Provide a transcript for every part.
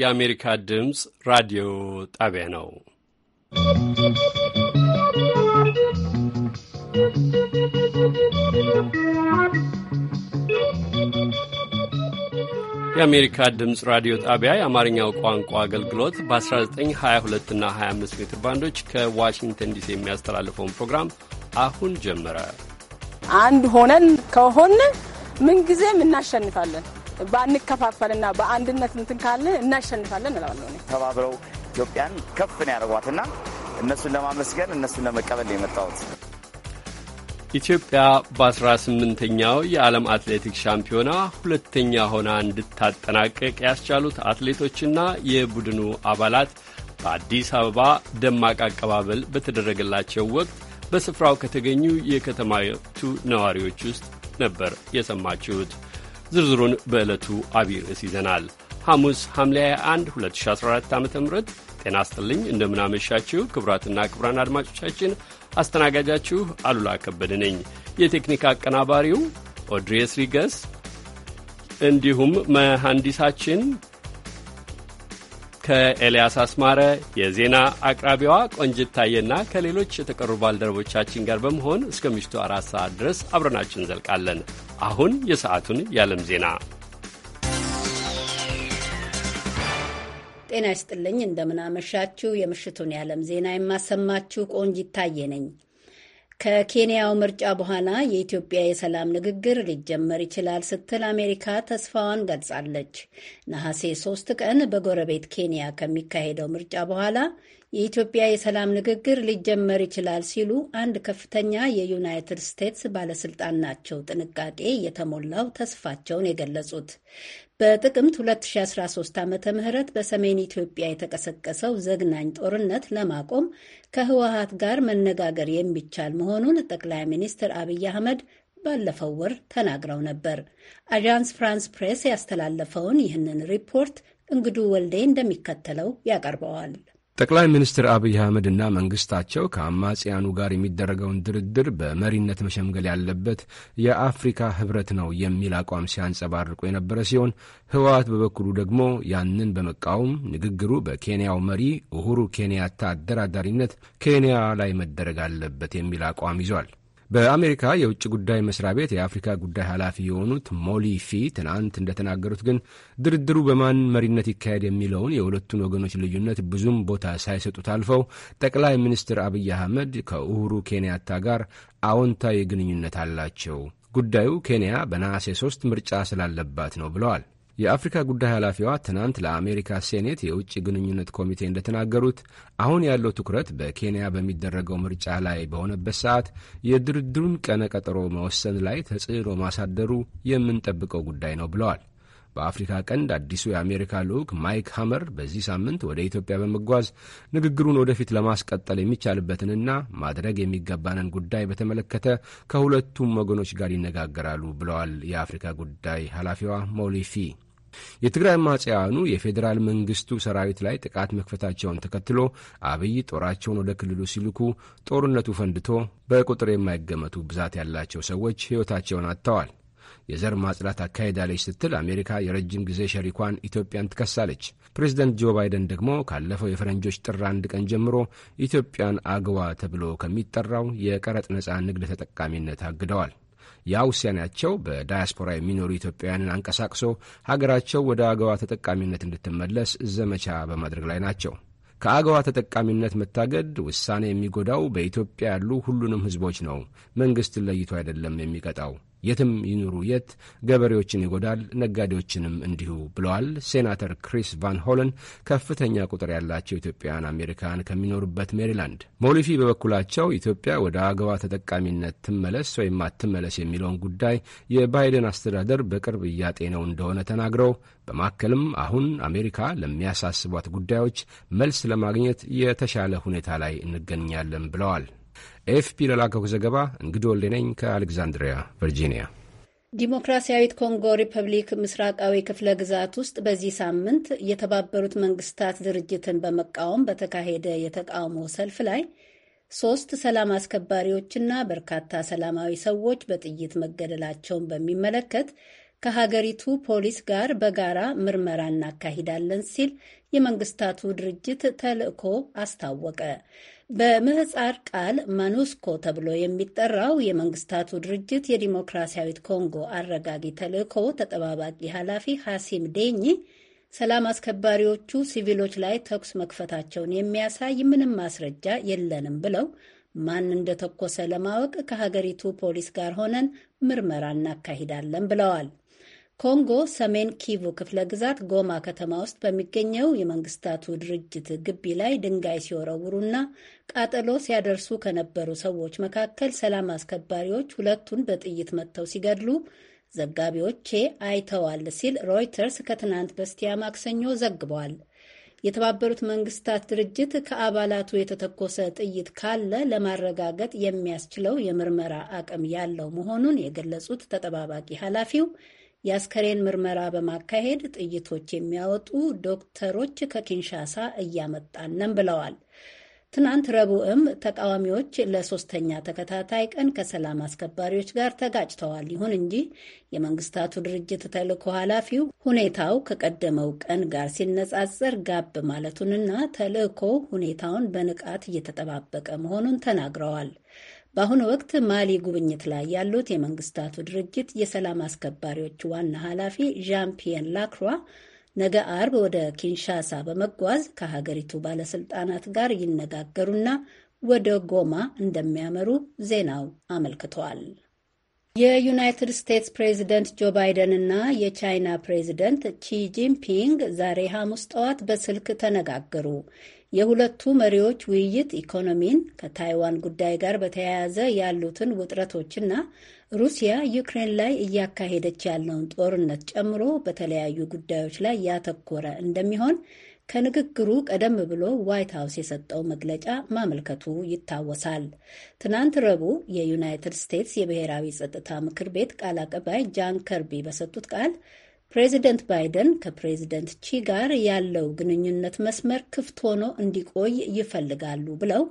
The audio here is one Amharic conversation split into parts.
የአሜሪካ ድምፅ ራዲዮ ጣቢያ ነው። የአሜሪካ ድምፅ ራዲዮ ጣቢያ የአማርኛው ቋንቋ አገልግሎት በ1922 እና 25 ሜትር ባንዶች ከዋሽንግተን ዲሲ የሚያስተላልፈውን ፕሮግራም አሁን ጀመረ። አንድ ሆነን ከሆነ ምንጊዜም እናሸንፋለን። ባንከፋፈልና በአንድነት እንትን ካለ እናሸንፋለን እላለሁ። ተባብረው ኢትዮጵያን ከፍ ነው ያደርጓትና እነሱን ለማመስገን እነሱን ለመቀበል የመጣሁት። ኢትዮጵያ በአስራ ኛው የዓለም አትሌቲክስ ሻምፒዮና ሁለተኛ ሆና እንድታጠናቀቅ ያስቻሉት አትሌቶችና የቡድኑ አባላት በአዲስ አበባ ደማቅ አቀባበል በተደረገላቸው ወቅት በስፍራው ከተገኙ የከተማቱ ነዋሪዎች ውስጥ ነበር የሰማችሁት። ዝርዝሩን በዕለቱ አቢይ ርዕስ ይዘናል። ሐሙስ ሐምሌ 1 2014 ዓ ም ጤና ስጥልኝ፣ እንደምናመሻችሁ ክቡራትና ክቡራን አድማጮቻችን አስተናጋጃችሁ አሉላ ከበደ ነኝ። የቴክኒክ አቀናባሪው ኦድሬስ ሪገስ እንዲሁም መሐንዲሳችን ከኤልያስ አስማረ የዜና አቅራቢዋ ቆንጅት ታየና ከሌሎች የተቀሩ ባልደረቦቻችን ጋር በመሆን እስከ ምሽቱ አራት ሰዓት ድረስ አብረናችን እንዘልቃለን። አሁን የሰዓቱን የዓለም ዜና ጤና ይስጥልኝ። እንደምናመሻችሁ። የምሽቱን የዓለም ዜና የማሰማችሁ ቆንጂት ታየ ነኝ። ከኬንያው ምርጫ በኋላ የኢትዮጵያ የሰላም ንግግር ሊጀመር ይችላል ስትል አሜሪካ ተስፋዋን ገልጻለች። ነሐሴ ሶስት ቀን በጎረቤት ኬንያ ከሚካሄደው ምርጫ በኋላ የኢትዮጵያ የሰላም ንግግር ሊጀመር ይችላል ሲሉ አንድ ከፍተኛ የዩናይትድ ስቴትስ ባለስልጣን ናቸው ጥንቃቄ የተሞላው ተስፋቸውን የገለጹት። በጥቅምት 2013 ዓ ም በሰሜን ኢትዮጵያ የተቀሰቀሰው ዘግናኝ ጦርነት ለማቆም ከህወሀት ጋር መነጋገር የሚቻል መሆኑን ጠቅላይ ሚኒስትር አብይ አህመድ ባለፈው ወር ተናግረው ነበር። አዣንስ ፍራንስ ፕሬስ ያስተላለፈውን ይህንን ሪፖርት እንግዱ ወልዴ እንደሚከተለው ያቀርበዋል። ጠቅላይ ሚኒስትር አብይ አህመድና መንግስታቸው ከአማጽያኑ ጋር የሚደረገውን ድርድር በመሪነት መሸምገል ያለበት የአፍሪካ ህብረት ነው የሚል አቋም ሲያንጸባርቁ የነበረ ሲሆን ህወሓት በበኩሉ ደግሞ ያንን በመቃወም ንግግሩ በኬንያው መሪ ኡሁሩ ኬንያታ አደራዳሪነት ኬንያ ላይ መደረግ አለበት የሚል አቋም ይዟል። በአሜሪካ የውጭ ጉዳይ መስሪያ ቤት የአፍሪካ ጉዳይ ኃላፊ የሆኑት ሞሊ ፊ ትናንት እንደተናገሩት ግን ድርድሩ በማን መሪነት ይካሄድ የሚለውን የሁለቱን ወገኖች ልዩነት ብዙም ቦታ ሳይሰጡት አልፈው ጠቅላይ ሚኒስትር አብይ አህመድ ከኡሁሩ ኬንያታ ጋር አዎንታዊ ግንኙነት አላቸው። ጉዳዩ ኬንያ በነሐሴ ሶስት ምርጫ ስላለባት ነው ብለዋል። የአፍሪካ ጉዳይ ኃላፊዋ ትናንት ለአሜሪካ ሴኔት የውጭ ግንኙነት ኮሚቴ እንደተናገሩት አሁን ያለው ትኩረት በኬንያ በሚደረገው ምርጫ ላይ በሆነበት ሰዓት የድርድሩን ቀነ ቀጠሮ መወሰን ላይ ተጽዕኖ ማሳደሩ የምንጠብቀው ጉዳይ ነው ብለዋል። በአፍሪካ ቀንድ አዲሱ የአሜሪካ ልዑክ ማይክ ሀመር በዚህ ሳምንት ወደ ኢትዮጵያ በመጓዝ ንግግሩን ወደፊት ለማስቀጠል የሚቻልበትንና ማድረግ የሚገባንን ጉዳይ በተመለከተ ከሁለቱም ወገኖች ጋር ይነጋገራሉ ብለዋል የአፍሪካ ጉዳይ ኃላፊዋ ሞሊፊ የትግራይ አማጽያኑ የፌዴራል መንግስቱ ሰራዊት ላይ ጥቃት መክፈታቸውን ተከትሎ አብይ ጦራቸውን ወደ ክልሉ ሲልኩ ጦርነቱ ፈንድቶ በቁጥር የማይገመቱ ብዛት ያላቸው ሰዎች ሕይወታቸውን አጥተዋል። የዘር ማጽዳት አካሄዳለች ስትል አሜሪካ የረጅም ጊዜ ሸሪኳን ኢትዮጵያን ትከሳለች። ፕሬዚደንት ጆ ባይደን ደግሞ ካለፈው የፈረንጆች ጥር አንድ ቀን ጀምሮ ኢትዮጵያን አግዋ ተብሎ ከሚጠራው የቀረጥ ነፃ ንግድ ተጠቃሚነት አግደዋል። ያ ውሳኔያቸው በዳያስፖራ የሚኖሩ ኢትዮጵያውያንን አንቀሳቅሶ ሀገራቸው ወደ አገዋ ተጠቃሚነት እንድትመለስ ዘመቻ በማድረግ ላይ ናቸው። ከአገዋ ተጠቃሚነት መታገድ ውሳኔ የሚጎዳው በኢትዮጵያ ያሉ ሁሉንም ህዝቦች ነው። መንግሥትን ለይቶ አይደለም የሚቀጣው። የትም ይኑሩ የት ገበሬዎችን ይጎዳል፣ ነጋዴዎችንም እንዲሁ ብለዋል። ሴናተር ክሪስ ቫን ሆለን ከፍተኛ ቁጥር ያላቸው ኢትዮጵያውያን አሜሪካን ከሚኖሩበት ሜሪላንድ። ሞሊፊ በበኩላቸው ኢትዮጵያ ወደ አገባ ተጠቃሚነት ትመለስ ወይም አትመለስ የሚለውን ጉዳይ የባይደን አስተዳደር በቅርብ እያጤነው እንደሆነ ተናግረው በማከልም አሁን አሜሪካ ለሚያሳስቧት ጉዳዮች መልስ ለማግኘት የተሻለ ሁኔታ ላይ እንገኛለን ብለዋል። ኤፍፒ ለላከው ዘገባ እንግዶ ወልደነኝ ከአሌክዛንድሪያ ቨርጂኒያ። ዲሞክራሲያዊት ኮንጎ ሪፐብሊክ ምስራቃዊ ክፍለ ግዛት ውስጥ በዚህ ሳምንት የተባበሩት መንግስታት ድርጅትን በመቃወም በተካሄደ የተቃውሞ ሰልፍ ላይ ሶስት ሰላም አስከባሪዎችና በርካታ ሰላማዊ ሰዎች በጥይት መገደላቸውን በሚመለከት ከሀገሪቱ ፖሊስ ጋር በጋራ ምርመራ እናካሂዳለን ሲል የመንግስታቱ ድርጅት ተልዕኮ አስታወቀ። በምህጻር ቃል ማኑስኮ ተብሎ የሚጠራው የመንግስታቱ ድርጅት የዲሞክራሲያዊት ኮንጎ አረጋጊ ተልእኮ ተጠባባቂ ኃላፊ ሐሲም ዴኝ ሰላም አስከባሪዎቹ ሲቪሎች ላይ ተኩስ መክፈታቸውን የሚያሳይ ምንም ማስረጃ የለንም ብለው ማን እንደተኮሰ ለማወቅ ከሀገሪቱ ፖሊስ ጋር ሆነን ምርመራ እናካሂዳለን ብለዋል። ኮንጎ ሰሜን ኪቩ ክፍለ ግዛት ጎማ ከተማ ውስጥ በሚገኘው የመንግስታቱ ድርጅት ግቢ ላይ ድንጋይ ሲወረውሩና ቃጠሎ ሲያደርሱ ከነበሩ ሰዎች መካከል ሰላም አስከባሪዎች ሁለቱን በጥይት መጥተው ሲገድሉ ዘጋቢዎቼ አይተዋል ሲል ሮይተርስ ከትናንት በስቲያ ማክሰኞ ዘግቧል። የተባበሩት መንግስታት ድርጅት ከአባላቱ የተተኮሰ ጥይት ካለ ለማረጋገጥ የሚያስችለው የምርመራ አቅም ያለው መሆኑን የገለጹት ተጠባባቂ ኃላፊው የአስከሬን ምርመራ በማካሄድ ጥይቶች የሚያወጡ ዶክተሮች ከኪንሻሳ እያመጣን ነን ብለዋል። ትናንት ረቡዕም ተቃዋሚዎች ለሶስተኛ ተከታታይ ቀን ከሰላም አስከባሪዎች ጋር ተጋጭተዋል። ይሁን እንጂ የመንግስታቱ ድርጅት ተልእኮ ኃላፊው ሁኔታው ከቀደመው ቀን ጋር ሲነጻጸር ጋብ ማለቱንና ተልእኮ ሁኔታውን በንቃት እየተጠባበቀ መሆኑን ተናግረዋል። በአሁኑ ወቅት ማሊ ጉብኝት ላይ ያሉት የመንግስታቱ ድርጅት የሰላም አስከባሪዎች ዋና ኃላፊ ዣን ፒየር ላክሯ ነገ አርብ ወደ ኪንሻሳ በመጓዝ ከሀገሪቱ ባለስልጣናት ጋር ይነጋገሩና ወደ ጎማ እንደሚያመሩ ዜናው አመልክቷል። የዩናይትድ ስቴትስ ፕሬዚደንት ጆ ባይደን እና የቻይና ፕሬዚደንት ቺ ጂንፒንግ ዛሬ ሐሙስ ጠዋት በስልክ ተነጋገሩ። የሁለቱ መሪዎች ውይይት ኢኮኖሚን፣ ከታይዋን ጉዳይ ጋር በተያያዘ ያሉትን ውጥረቶችና ሩሲያ ዩክሬን ላይ እያካሄደች ያለውን ጦርነት ጨምሮ በተለያዩ ጉዳዮች ላይ ያተኮረ እንደሚሆን ከንግግሩ ቀደም ብሎ ዋይት ሀውስ የሰጠው መግለጫ ማመልከቱ ይታወሳል። ትናንት ረቡዕ የዩናይትድ ስቴትስ የብሔራዊ ጸጥታ ምክር ቤት ቃል አቀባይ ጃን ከርቢ በሰጡት ቃል ፕሬዚደንት ባይደን ከፕሬዚደንት ቺ ጋር ያለው ግንኙነት መስመር ክፍት ሆኖ እንዲቆይ ይፈልጋሉ ብለው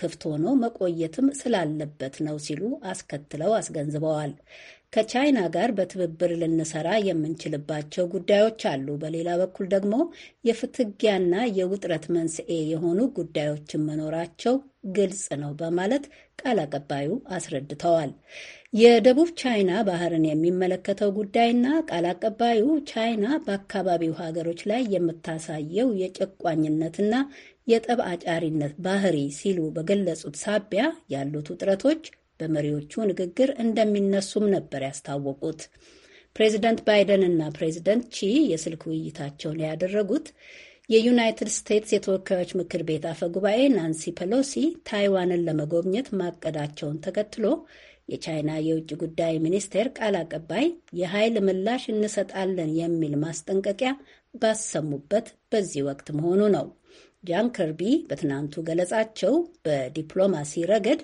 ክፍት ሆኖ መቆየትም ስላለበት ነው ሲሉ አስከትለው አስገንዝበዋል። ከቻይና ጋር በትብብር ልንሰራ የምንችልባቸው ጉዳዮች አሉ። በሌላ በኩል ደግሞ የፍትጊያና የውጥረት መንስኤ የሆኑ ጉዳዮችን መኖራቸው ግልጽ ነው በማለት ቃል አቀባዩ አስረድተዋል። የደቡብ ቻይና ባህርን የሚመለከተው ጉዳይና ቃል አቀባዩ ቻይና በአካባቢው ሀገሮች ላይ የምታሳየው የጨቋኝነትና የጠብ አጫሪነት ባህሪ ሲሉ በገለጹት ሳቢያ ያሉት ውጥረቶች በመሪዎቹ ንግግር እንደሚነሱም ነበር ያስታወቁት። ፕሬዚደንት ባይደን እና ፕሬዚደንት ቺ የስልክ ውይይታቸውን ያደረጉት የዩናይትድ ስቴትስ የተወካዮች ምክር ቤት አፈ ጉባኤ ናንሲ ፐሎሲ ታይዋንን ለመጎብኘት ማቀዳቸውን ተከትሎ የቻይና የውጭ ጉዳይ ሚኒስቴር ቃል አቀባይ የኃይል ምላሽ እንሰጣለን የሚል ማስጠንቀቂያ ባሰሙበት በዚህ ወቅት መሆኑ ነው። ጃን ከርቢ በትናንቱ ገለጻቸው በዲፕሎማሲ ረገድ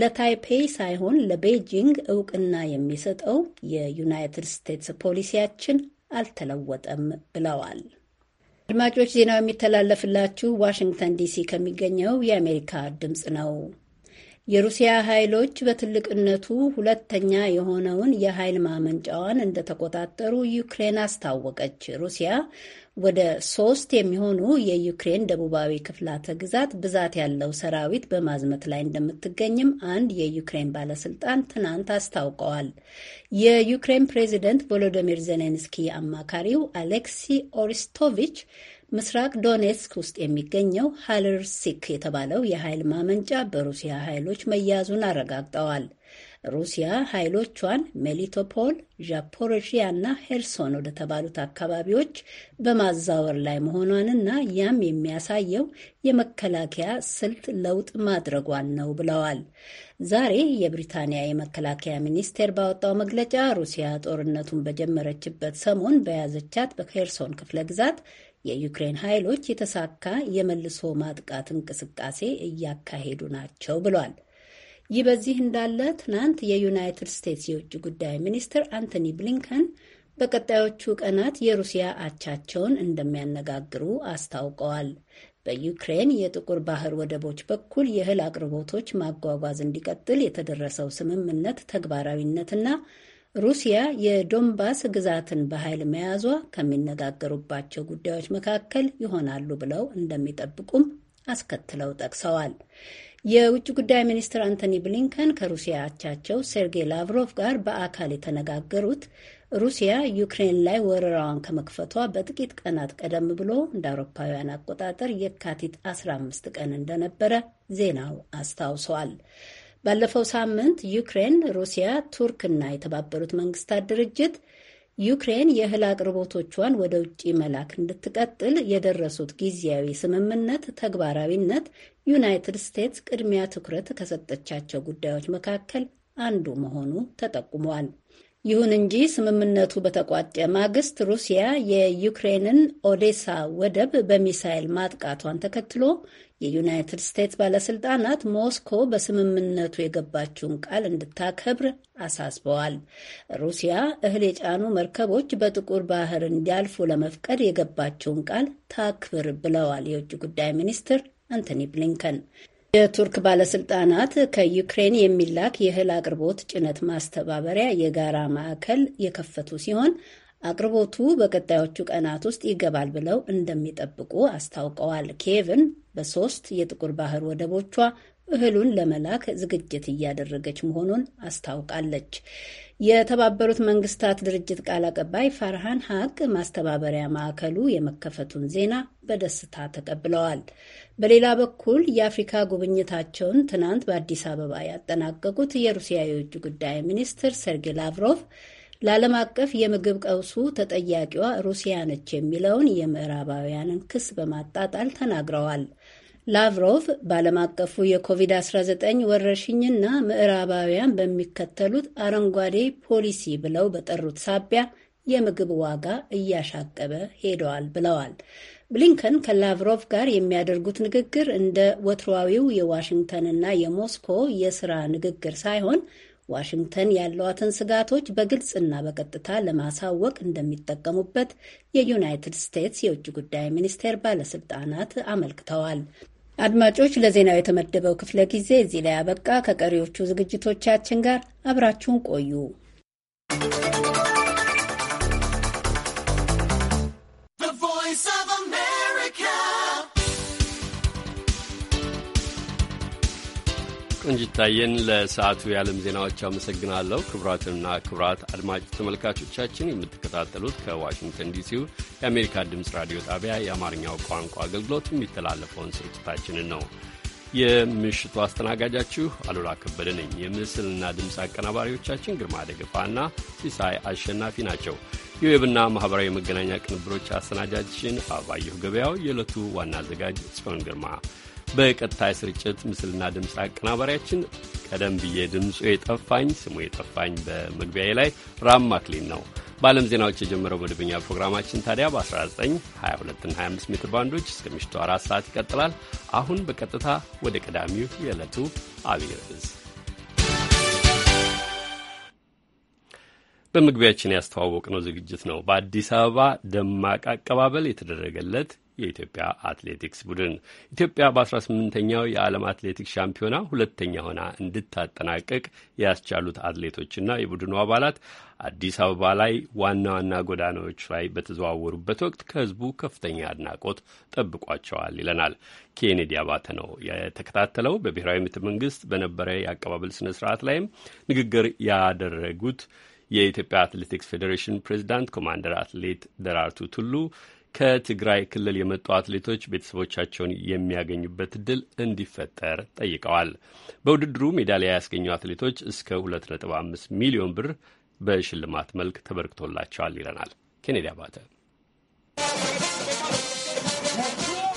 ለታይፔይ ሳይሆን ለቤጂንግ እውቅና የሚሰጠው የዩናይትድ ስቴትስ ፖሊሲያችን አልተለወጠም ብለዋል። አድማጮች ዜናው የሚተላለፍላችሁ ዋሽንግተን ዲሲ ከሚገኘው የአሜሪካ ድምፅ ነው። የሩሲያ ኃይሎች በትልቅነቱ ሁለተኛ የሆነውን የኃይል ማመንጫዋን እንደተቆጣጠሩ ዩክሬን አስታወቀች። ሩሲያ ወደ ሶስት የሚሆኑ የዩክሬን ደቡባዊ ክፍላተ ግዛት ብዛት ያለው ሰራዊት በማዝመት ላይ እንደምትገኝም አንድ የዩክሬን ባለስልጣን ትናንት አስታውቀዋል። የዩክሬን ፕሬዚደንት ቮሎዲሚር ዜሌንስኪ አማካሪው አሌክሲ ኦሪስቶቪች ምስራቅ ዶኔትስክ ውስጥ የሚገኘው ሃለርሲክ የተባለው የኃይል ማመንጫ በሩሲያ ኃይሎች መያዙን አረጋግጠዋል። ሩሲያ ኃይሎቿን ሜሊቶፖል፣ ዣፖሮሺያ እና ሄርሶን ወደተባሉት አካባቢዎች በማዛወር ላይ መሆኗንና ያም የሚያሳየው የመከላከያ ስልት ለውጥ ማድረጓን ነው ብለዋል። ዛሬ የብሪታንያ የመከላከያ ሚኒስቴር ባወጣው መግለጫ ሩሲያ ጦርነቱን በጀመረችበት ሰሞን በያዘቻት በሄርሶን ክፍለ ግዛት የዩክሬን ኃይሎች የተሳካ የመልሶ ማጥቃት እንቅስቃሴ እያካሄዱ ናቸው ብሏል። ይህ በዚህ እንዳለ ትናንት የዩናይትድ ስቴትስ የውጭ ጉዳይ ሚኒስትር አንቶኒ ብሊንከን በቀጣዮቹ ቀናት የሩሲያ አቻቸውን እንደሚያነጋግሩ አስታውቀዋል። በዩክሬን የጥቁር ባህር ወደቦች በኩል የእህል አቅርቦቶች ማጓጓዝ እንዲቀጥል የተደረሰው ስምምነት ተግባራዊነትና ሩሲያ የዶንባስ ግዛትን በኃይል መያዟ ከሚነጋገሩባቸው ጉዳዮች መካከል ይሆናሉ ብለው እንደሚጠብቁም አስከትለው ጠቅሰዋል። የውጭ ጉዳይ ሚኒስትር አንቶኒ ብሊንከን ከሩሲያ አቻቸው ሴርጌይ ላቭሮቭ ጋር በአካል የተነጋገሩት ሩሲያ ዩክሬን ላይ ወረራዋን ከመክፈቷ በጥቂት ቀናት ቀደም ብሎ እንደ አውሮፓውያን አቆጣጠር የካቲት 15 ቀን እንደነበረ ዜናው አስታውሷል። ባለፈው ሳምንት ዩክሬን፣ ሩሲያ፣ ቱርክ እና የተባበሩት መንግስታት ድርጅት ዩክሬን የእህል አቅርቦቶቿን ወደ ውጭ መላክ እንድትቀጥል የደረሱት ጊዜያዊ ስምምነት ተግባራዊነት ዩናይትድ ስቴትስ ቅድሚያ ትኩረት ከሰጠቻቸው ጉዳዮች መካከል አንዱ መሆኑ ተጠቁሟል። ይሁን እንጂ ስምምነቱ በተቋጨ ማግስት ሩሲያ የዩክሬንን ኦዴሳ ወደብ በሚሳይል ማጥቃቷን ተከትሎ የዩናይትድ ስቴትስ ባለስልጣናት ሞስኮ በስምምነቱ የገባችውን ቃል እንድታከብር አሳስበዋል። ሩሲያ እህል የጫኑ መርከቦች በጥቁር ባህር እንዲያልፉ ለመፍቀድ የገባችውን ቃል ታክብር ብለዋል የውጭ ጉዳይ ሚኒስትር አንቶኒ ብሊንከን። የቱርክ ባለስልጣናት ከዩክሬን የሚላክ የእህል አቅርቦት ጭነት ማስተባበሪያ የጋራ ማዕከል የከፈቱ ሲሆን አቅርቦቱ በቀጣዮቹ ቀናት ውስጥ ይገባል ብለው እንደሚጠብቁ አስታውቀዋል። ኬቭን በሶስት የጥቁር ባህር ወደቦቿ እህሉን ለመላክ ዝግጅት እያደረገች መሆኑን አስታውቃለች። የተባበሩት መንግስታት ድርጅት ቃል አቀባይ ፈርሃን ሀቅ ማስተባበሪያ ማዕከሉ የመከፈቱን ዜና በደስታ ተቀብለዋል። በሌላ በኩል የአፍሪካ ጉብኝታቸውን ትናንት በአዲስ አበባ ያጠናቀቁት የሩሲያ የውጭ ጉዳይ ሚኒስትር ሰርጌ ላቭሮቭ ለዓለም አቀፍ የምግብ ቀውሱ ተጠያቂዋ ሩሲያ ነች የሚለውን የምዕራባውያንን ክስ በማጣጣል ተናግረዋል። ላቭሮቭ በዓለም አቀፉ የኮቪድ-19 ወረርሽኝና ምዕራባውያን በሚከተሉት አረንጓዴ ፖሊሲ ብለው በጠሩት ሳቢያ የምግብ ዋጋ እያሻቀበ ሄደዋል ብለዋል። ብሊንከን ከላቭሮቭ ጋር የሚያደርጉት ንግግር እንደ ወትሯዊው የዋሽንግተንና የሞስኮ የስራ ንግግር ሳይሆን ዋሽንግተን ያለዋትን ስጋቶች በግልጽና በቀጥታ ለማሳወቅ እንደሚጠቀሙበት የዩናይትድ ስቴትስ የውጭ ጉዳይ ሚኒስቴር ባለስልጣናት አመልክተዋል። አድማጮች፣ ለዜናው የተመደበው ክፍለ ጊዜ እዚህ ላይ አበቃ። ከቀሪዎቹ ዝግጅቶቻችን ጋር አብራችሁን ቆዩ። ቆንጅታየን ለሰዓቱ የዓለም ዜናዎች አመሰግናለሁ። ክቡራትና ክቡራት አድማጭ ተመልካቾቻችን የምትከታተሉት ከዋሽንግተን ዲሲው የአሜሪካ ድምፅ ራዲዮ ጣቢያ የአማርኛው ቋንቋ አገልግሎት የሚተላለፈውን ስርጭታችንን ነው። የምሽቱ አስተናጋጃችሁ አሉላ ከበደ ነኝ። የምስልና ድምፅ አቀናባሪዎቻችን ግርማ ደገፋና ሲሳይ አሸናፊ ናቸው። የዌብና ማኅበራዊ መገናኛ ቅንብሮች አሰናጃችን አባየሁ ገበያው፣ የዕለቱ ዋና አዘጋጅ ጽዮን ግርማ በቀጥታ ስርጭት ምስልና ድምፅ አቀናባሪያችን ቀደም ብዬ ድምፁ የጠፋኝ ስሙ የጠፋኝ በመግቢያዬ ላይ ራም ማክሊን ነው። በዓለም ዜናዎች የጀመረው መደበኛ ፕሮግራማችን ታዲያ በ 1922 25 ሜትር ባንዶች እስከ ምሽቱ አራት ሰዓት ይቀጥላል። አሁን በቀጥታ ወደ ቀዳሚው የዕለቱ አብይ ርዕስ በመግቢያችን ያስተዋወቅ ነው ዝግጅት ነው። በአዲስ አበባ ደማቅ አቀባበል የተደረገለት የኢትዮጵያ አትሌቲክስ ቡድን ኢትዮጵያ በ18ኛው የዓለም አትሌቲክስ ሻምፒዮና ሁለተኛ ሆና እንድታጠናቀቅ ያስቻሉት አትሌቶችና የቡድኑ አባላት አዲስ አበባ ላይ ዋና ዋና ጎዳናዎች ላይ በተዘዋወሩበት ወቅት ከህዝቡ ከፍተኛ አድናቆት ጠብቋቸዋል ይለናል። ኬኔዲ አባተ ነው የተከታተለው። በብሔራዊ ምት መንግስት በነበረ የአቀባበል ስነ ስርዓት ላይም ንግግር ያደረጉት የኢትዮጵያ አትሌቲክስ ፌዴሬሽን ፕሬዚዳንት ኮማንደር አትሌት ደራርቱ ቱሉ ከትግራይ ክልል የመጡ አትሌቶች ቤተሰቦቻቸውን የሚያገኙበት እድል እንዲፈጠር ጠይቀዋል። በውድድሩ ሜዳሊያ ያስገኙ አትሌቶች እስከ 2.5 ሚሊዮን ብር በሽልማት መልክ ተበርክቶላቸዋል ይለናል ኬኔዲ አባተ።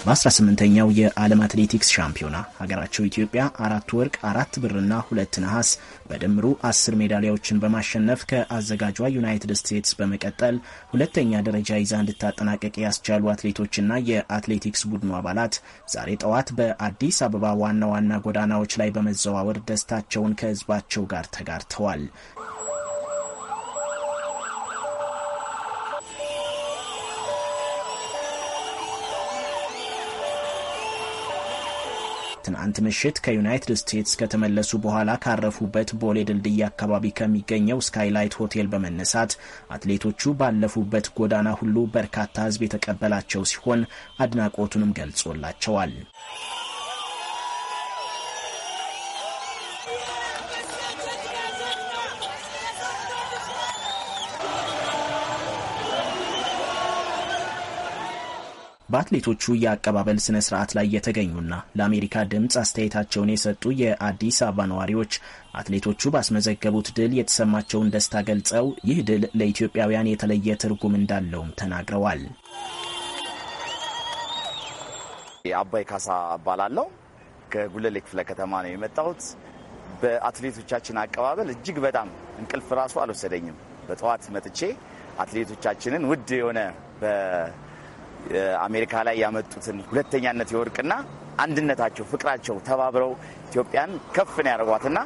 በ18ኛው የዓለም አትሌቲክስ ሻምፒዮና ሀገራቸው ኢትዮጵያ አራት ወርቅ፣ አራት ብርና ሁለት ነሐስ በድምሩ አስር ሜዳሊያዎችን በማሸነፍ ከአዘጋጇ ዩናይትድ ስቴትስ በመቀጠል ሁለተኛ ደረጃ ይዛ እንድታጠናቀቅ ያስቻሉ አትሌቶችና የአትሌቲክስ ቡድኑ አባላት ዛሬ ጠዋት በአዲስ አበባ ዋና ዋና ጎዳናዎች ላይ በመዘዋወር ደስታቸውን ከህዝባቸው ጋር ተጋርተዋል። ትናንት ምሽት ከዩናይትድ ስቴትስ ከተመለሱ በኋላ ካረፉበት ቦሌ ድልድይ አካባቢ ከሚገኘው ስካይላይት ሆቴል በመነሳት አትሌቶቹ ባለፉበት ጎዳና ሁሉ በርካታ ሕዝብ የተቀበላቸው ሲሆን አድናቆቱንም ገልጾላቸዋል። በአትሌቶቹ የአቀባበል ስነ ስርዓት ላይ የተገኙና ለአሜሪካ ድምፅ አስተያየታቸውን የሰጡ የአዲስ አበባ ነዋሪዎች አትሌቶቹ ባስመዘገቡት ድል የተሰማቸውን ደስታ ገልጸው ይህ ድል ለኢትዮጵያውያን የተለየ ትርጉም እንዳለውም ተናግረዋል። አባይ ካሳ እባላለሁ። ከጉለሌ ክፍለ ከተማ ነው የመጣሁት። በአትሌቶቻችን አቀባበል እጅግ በጣም እንቅልፍ ራሱ አልወሰደኝም። በጠዋት መጥቼ አትሌቶቻችንን ውድ የሆነ አሜሪካ ላይ ያመጡትን ሁለተኛነት የወርቅና አንድነታቸው፣ ፍቅራቸው ተባብረው ኢትዮጵያን ከፍ ነው ያደርጓትና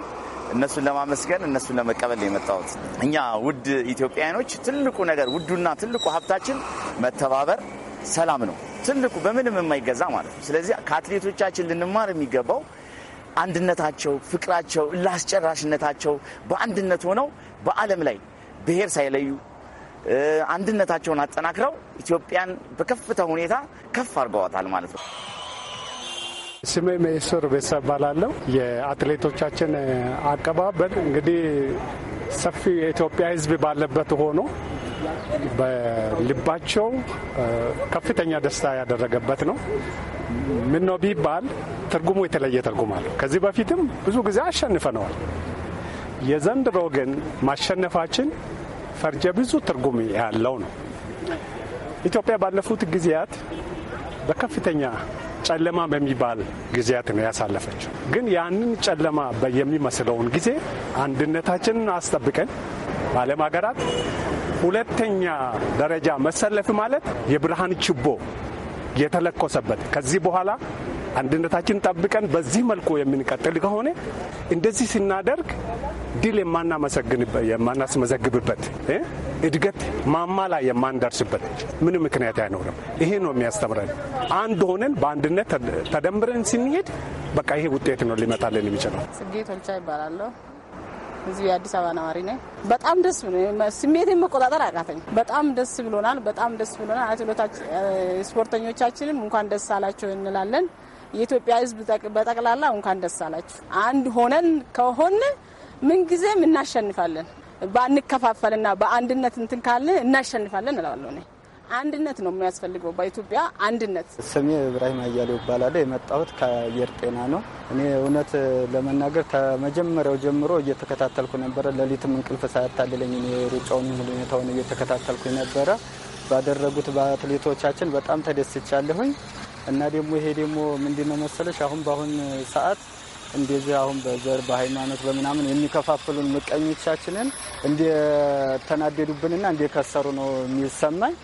እነሱን ለማመስገን እነሱን ለመቀበል ነው የመጣሁት። እኛ ውድ ኢትዮጵያውያኖች ትልቁ ነገር ውዱና ትልቁ ሀብታችን መተባበር፣ ሰላም ነው ትልቁ በምንም የማይገዛ ማለት ነው። ስለዚህ ከአትሌቶቻችን ልንማር የሚገባው አንድነታቸው፣ ፍቅራቸው፣ ላስጨራሽነታቸው በአንድነት ሆነው በዓለም ላይ ብሔር ሳይለዩ አንድነታቸውን አጠናክረው ኢትዮጵያን በከፍታ ሁኔታ ከፍ አድርገዋታል ማለት ነው። ስሜ መይሱር ቤሳ እባላለሁ። የአትሌቶቻችን አቀባበል እንግዲህ ሰፊ የኢትዮጵያ ሕዝብ ባለበት ሆኖ በልባቸው ከፍተኛ ደስታ ያደረገበት ነው። ምን ነው ቢባል ትርጉሙ የተለየ ትርጉም አለው። ከዚህ በፊትም ብዙ ጊዜ አሸንፈነዋል። የዘንድሮ ግን ማሸነፋችን ፈርጀ ብዙ ትርጉም ያለው ነው። ኢትዮጵያ ባለፉት ጊዜያት በከፍተኛ ጨለማ በሚባል ጊዜያት ነው ያሳለፈችው። ግን ያንን ጨለማ የሚመስለውን ጊዜ አንድነታችንን አስጠብቀን በዓለም ሀገራት ሁለተኛ ደረጃ መሰለፍ ማለት የብርሃን ችቦ የተለኮሰበት ከዚህ በኋላ አንድነታችን ጠብቀን በዚህ መልኩ የምንቀጥል ከሆነ እንደዚህ ስናደርግ ድል የማናስመዘግብበት እድገት ማማ ላይ የማንደርስበት ምንም ምክንያት አይኖርም። ይሄ ነው የሚያስተምረን። አንድ ሆነን በአንድነት ተደምረን ስንሄድ በቃ ይሄ ውጤት ነው ሊመጣልን የሚችለው። ጽጌ ቶልቻ ይባላለሁ። እዚሁ የአዲስ አበባ ነዋሪ ነኝ። በጣም ደስ ስሜቴን መቆጣጠር አቃተኝ። በጣም ደስ ብሎናል። በጣም ደስ ብሎናል። ስፖርተኞቻችንም እንኳን ደስ አላቸው እንላለን። የኢትዮጵያ ሕዝብ በጠቅላላ እንኳን ደስ አላችሁ። አንድ ሆነን ከሆነ ምንጊዜም እናሸንፋለን። ባንከፋፈልና በአንድነት እንትን ካለ እናሸንፋለን እላለሁ እኔ አንድነት ነው የሚያስፈልገው። በኢትዮጵያ አንድነት። ስሜ እብራሂም አያሌው ይባላለ የመጣሁት ከአየር ጤና ነው። እኔ እውነት ለመናገር ከመጀመሪያው ጀምሮ እየተከታተልኩ ነበረ። ሌሊትም እንቅልፍ ሳያታልለኝ የሩጫውን ሁኔታውን እየተከታተልኩ ነበረ። ባደረጉት በአትሌቶቻችን በጣም ተደስቻለሁኝ እና ደግሞ ይሄ ደግሞ ምንድነው መሰለሽ አሁን በአሁን ሰዓት እንደዚህ አሁን በዘር በሃይማኖት በምናምን የሚከፋፍሉን ምቀኞቻችንን እንደተናደዱብንና እንደከሰሩ ነው የሚሰማኝ።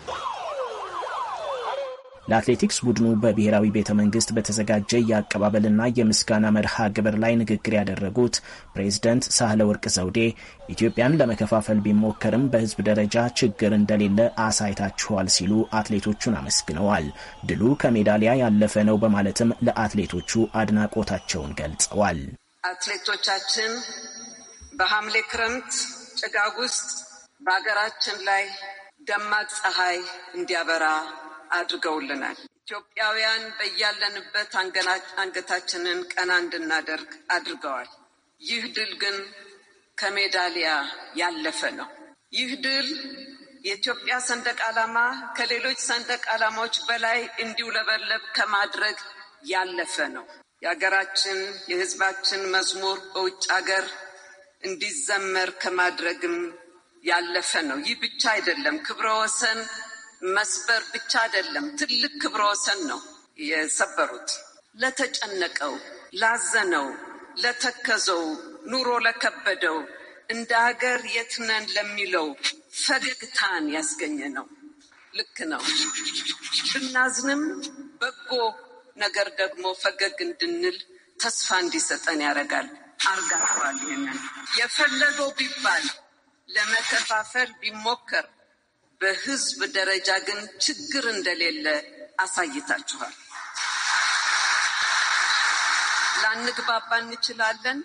ለአትሌቲክስ ቡድኑ በብሔራዊ ቤተ መንግስት በተዘጋጀ የአቀባበልና የምስጋና መርሃ ግብር ላይ ንግግር ያደረጉት ፕሬዝደንት ሳህለ ወርቅ ዘውዴ ኢትዮጵያን ለመከፋፈል ቢሞከርም በህዝብ ደረጃ ችግር እንደሌለ አሳይታችኋል ሲሉ አትሌቶቹን አመስግነዋል። ድሉ ከሜዳሊያ ያለፈ ነው በማለትም ለአትሌቶቹ አድናቆታቸውን ገልጸዋል። አትሌቶቻችን በሐምሌ ክረምት ጭጋግ ውስጥ በሀገራችን ላይ ደማቅ ፀሐይ እንዲያበራ አድርገውልናል። ኢትዮጵያውያን በያለንበት አንገታችንን ቀና እንድናደርግ አድርገዋል። ይህ ድል ግን ከሜዳሊያ ያለፈ ነው። ይህ ድል የኢትዮጵያ ሰንደቅ ዓላማ ከሌሎች ሰንደቅ ዓላማዎች በላይ እንዲውለበለብ ከማድረግ ያለፈ ነው። የሀገራችን የሕዝባችን መዝሙር በውጭ ሀገር እንዲዘመር ከማድረግም ያለፈ ነው። ይህ ብቻ አይደለም። ክብረ ወሰን መስበር ብቻ አይደለም፣ ትልቅ ክብረ ወሰን ነው የሰበሩት። ለተጨነቀው፣ ላዘነው፣ ለተከዘው፣ ኑሮ ለከበደው፣ እንደ ሀገር የት ነን ለሚለው ፈገግታን ያስገኘ ነው። ልክ ነው። ብናዝንም በጎ ነገር ደግሞ ፈገግ እንድንል ተስፋ እንዲሰጠን ያደርጋል። አርጋቸዋል። ይህንን የፈለገው ቢባል ለመከፋፈል ቢሞከር በህዝብ ደረጃ ግን ችግር እንደሌለ አሳይታችኋል። ላንግባባ እንችላለን፣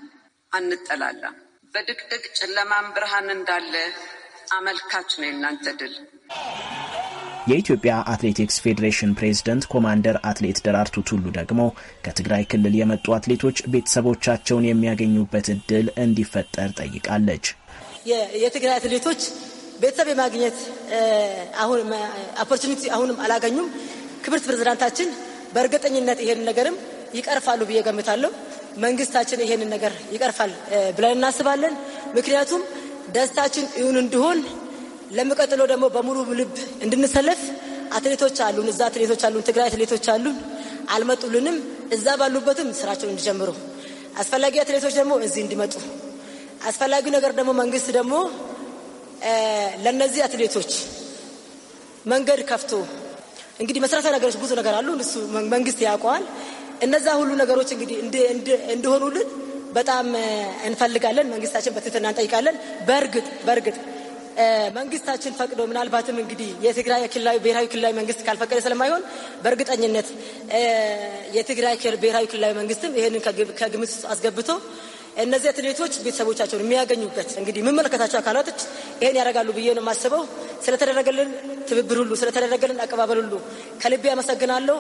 አንጠላላም። በድቅድቅ ጨለማም ብርሃን እንዳለ አመልካች ነው የእናንተ ድል። የኢትዮጵያ አትሌቲክስ ፌዴሬሽን ፕሬዝደንት ኮማንደር አትሌት ደራርቱ ቱሉ ደግሞ ከትግራይ ክልል የመጡ አትሌቶች ቤተሰቦቻቸውን የሚያገኙበት እድል እንዲፈጠር ጠይቃለች። የትግራይ አትሌቶች ቤተሰብ የማግኘት ኦፖርቹኒቲ አሁንም አላገኙም። ክብርት ፕሬዝዳንታችን በእርግጠኝነት ይሄን ነገርም ይቀርፋሉ ብዬ ገምታለሁ። መንግስታችን ይሄንን ነገር ይቀርፋል ብለን እናስባለን። ምክንያቱም ደስታችን ይሁን እንዲሆን ለሚቀጥለው ደግሞ በሙሉ ልብ እንድንሰለፍ አትሌቶች አሉን፣ እዛ አትሌቶች አሉን፣ ትግራይ አትሌቶች አሉን፣ አልመጡልንም። እዛ ባሉበትም ስራቸውን እንዲጀምሩ አስፈላጊ አትሌቶች ደግሞ እዚህ እንዲመጡ አስፈላጊው ነገር ደግሞ መንግስት ደግሞ ለእነዚህ አትሌቶች መንገድ ከፍቶ እንግዲህ መሰረታዊ ነገሮች ብዙ ነገር አሉ፣ እሱ መንግስት ያውቀዋል። እነዛ ሁሉ ነገሮች እንግዲህ እንደሆኑልን በጣም እንፈልጋለን። መንግስታችን በትህትና እንጠይቃለን። በእርግጥ በእርግጥ መንግስታችን ፈቅዶ ምናልባትም እንግዲህ የትግራይ ክልላዊ ብሔራዊ ክልላዊ መንግስት ካልፈቀደ ስለማይሆን በእርግጠኝነት የትግራይ ብሔራዊ ክልላዊ መንግስትም ይህንን ከግምት ውስጥ አስገብቶ እነዚህ አትሌቶች ቤተሰቦቻቸውን የሚያገኙበት እንግዲህ የምመለከታቸው አካላቶች ይህን ያደርጋሉ ብዬ ነው የማስበው። ስለተደረገልን ትብብር ሁሉ ስለተደረገልን አቀባበል ሁሉ ከልቤ አመሰግናለሁ።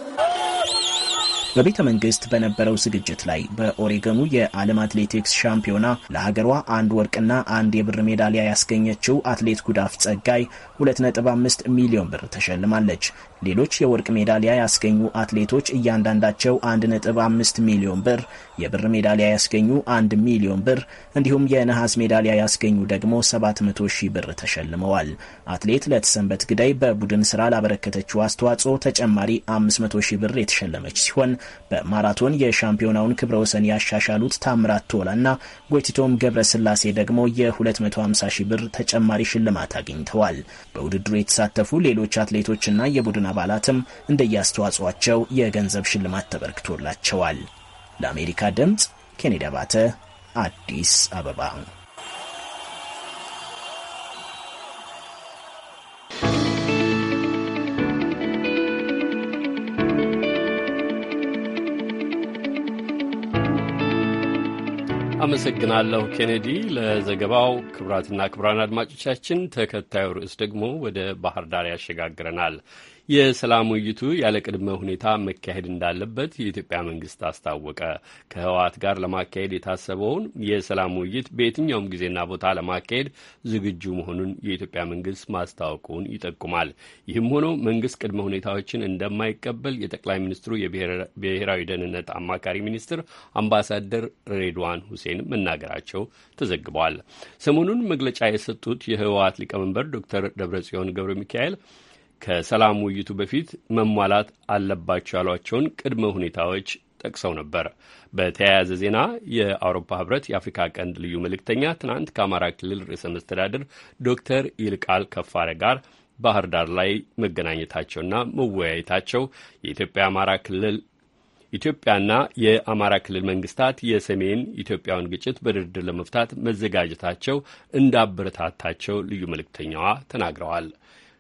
በቤተ መንግስት በነበረው ዝግጅት ላይ በኦሬገኑ የዓለም አትሌቲክስ ሻምፒዮና ለሀገሯ አንድ ወርቅና አንድ የብር ሜዳሊያ ያስገኘችው አትሌት ጉዳፍ ጸጋይ 2.5 ሚሊዮን ብር ተሸልማለች። ሌሎች የወርቅ ሜዳሊያ ያስገኙ አትሌቶች እያንዳንዳቸው 1.5 ሚሊዮን ብር፣ የብር ሜዳሊያ ያስገኙ 1 ሚሊዮን ብር እንዲሁም የነሐስ ሜዳሊያ ያስገኙ ደግሞ 700 ሺህ ብር ተሸልመዋል። አትሌት ለተሰንበት ግዳይ በቡድን ስራ ላበረከተችው አስተዋጽኦ ተጨማሪ 500 ሺህ ብር የተሸለመች ሲሆን በማራቶን የሻምፒዮናውን ክብረ ወሰን ያሻሻሉት ታምራት ቶላና ጎይቲቶም ገብረስላሴ ስላሴ ደግሞ የ250 ሺህ ብር ተጨማሪ ሽልማት አግኝተዋል። በውድድሩ የተሳተፉ ሌሎች አትሌቶችና የቡድን አባላትም እንደየአስተዋጽኦአቸው የገንዘብ ሽልማት ተበርክቶላቸዋል። ለአሜሪካ ድምፅ ኬኔዲ አባተ አዲስ አበባ አመሰግናለሁ ኬኔዲ ለዘገባው። ክቡራትና ክቡራን አድማጮቻችን ተከታዩ ርዕስ ደግሞ ወደ ባህር ዳር ያሸጋግረናል። የሰላም ውይይቱ ያለ ቅድመ ሁኔታ መካሄድ እንዳለበት የኢትዮጵያ መንግስት አስታወቀ። ከህወሓት ጋር ለማካሄድ የታሰበውን የሰላም ውይይት በየትኛውም ጊዜና ቦታ ለማካሄድ ዝግጁ መሆኑን የኢትዮጵያ መንግስት ማስታወቁን ይጠቁማል። ይህም ሆኖ መንግስት ቅድመ ሁኔታዎችን እንደማይቀበል የጠቅላይ ሚኒስትሩ የብሔራዊ ደህንነት አማካሪ ሚኒስትር አምባሳደር ሬድዋን ሁሴን መናገራቸው ተዘግቧል። ሰሞኑን መግለጫ የሰጡት የህወሓት ሊቀመንበር ዶክተር ደብረጽዮን ገብረ ሚካኤል ከሰላም ውይይቱ በፊት መሟላት አለባቸው ያሏቸውን ቅድመ ሁኔታዎች ጠቅሰው ነበር። በተያያዘ ዜና የአውሮፓ ህብረት የአፍሪካ ቀንድ ልዩ መልእክተኛ ትናንት ከአማራ ክልል ርዕሰ መስተዳድር ዶክተር ይልቃል ከፋረ ጋር ባህር ዳር ላይ መገናኘታቸውና መወያየታቸው የኢትዮጵያ አማራ ክልል ኢትዮጵያና የአማራ ክልል መንግስታት የሰሜን ኢትዮጵያውን ግጭት በድርድር ለመፍታት መዘጋጀታቸው እንዳበረታታቸው ልዩ መልእክተኛዋ ተናግረዋል።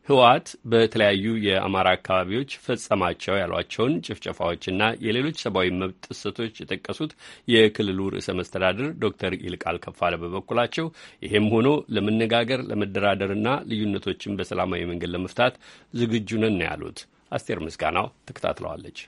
ህወሓት በተለያዩ የአማራ አካባቢዎች ፈጸማቸው ያሏቸውን ጭፍጨፋዎችና የሌሎች ሰብአዊ መብት ጥሰቶች የጠቀሱት የክልሉ ርዕሰ መስተዳድር ዶክተር ይልቃል ከፋለ በበኩላቸው ይህም ሆኖ ለመነጋገር ለመደራደርና ልዩነቶችን በሰላማዊ መንገድ ለመፍታት ዝግጁ ነን ያሉት አስቴር ምስጋናው ተከታትለዋለች።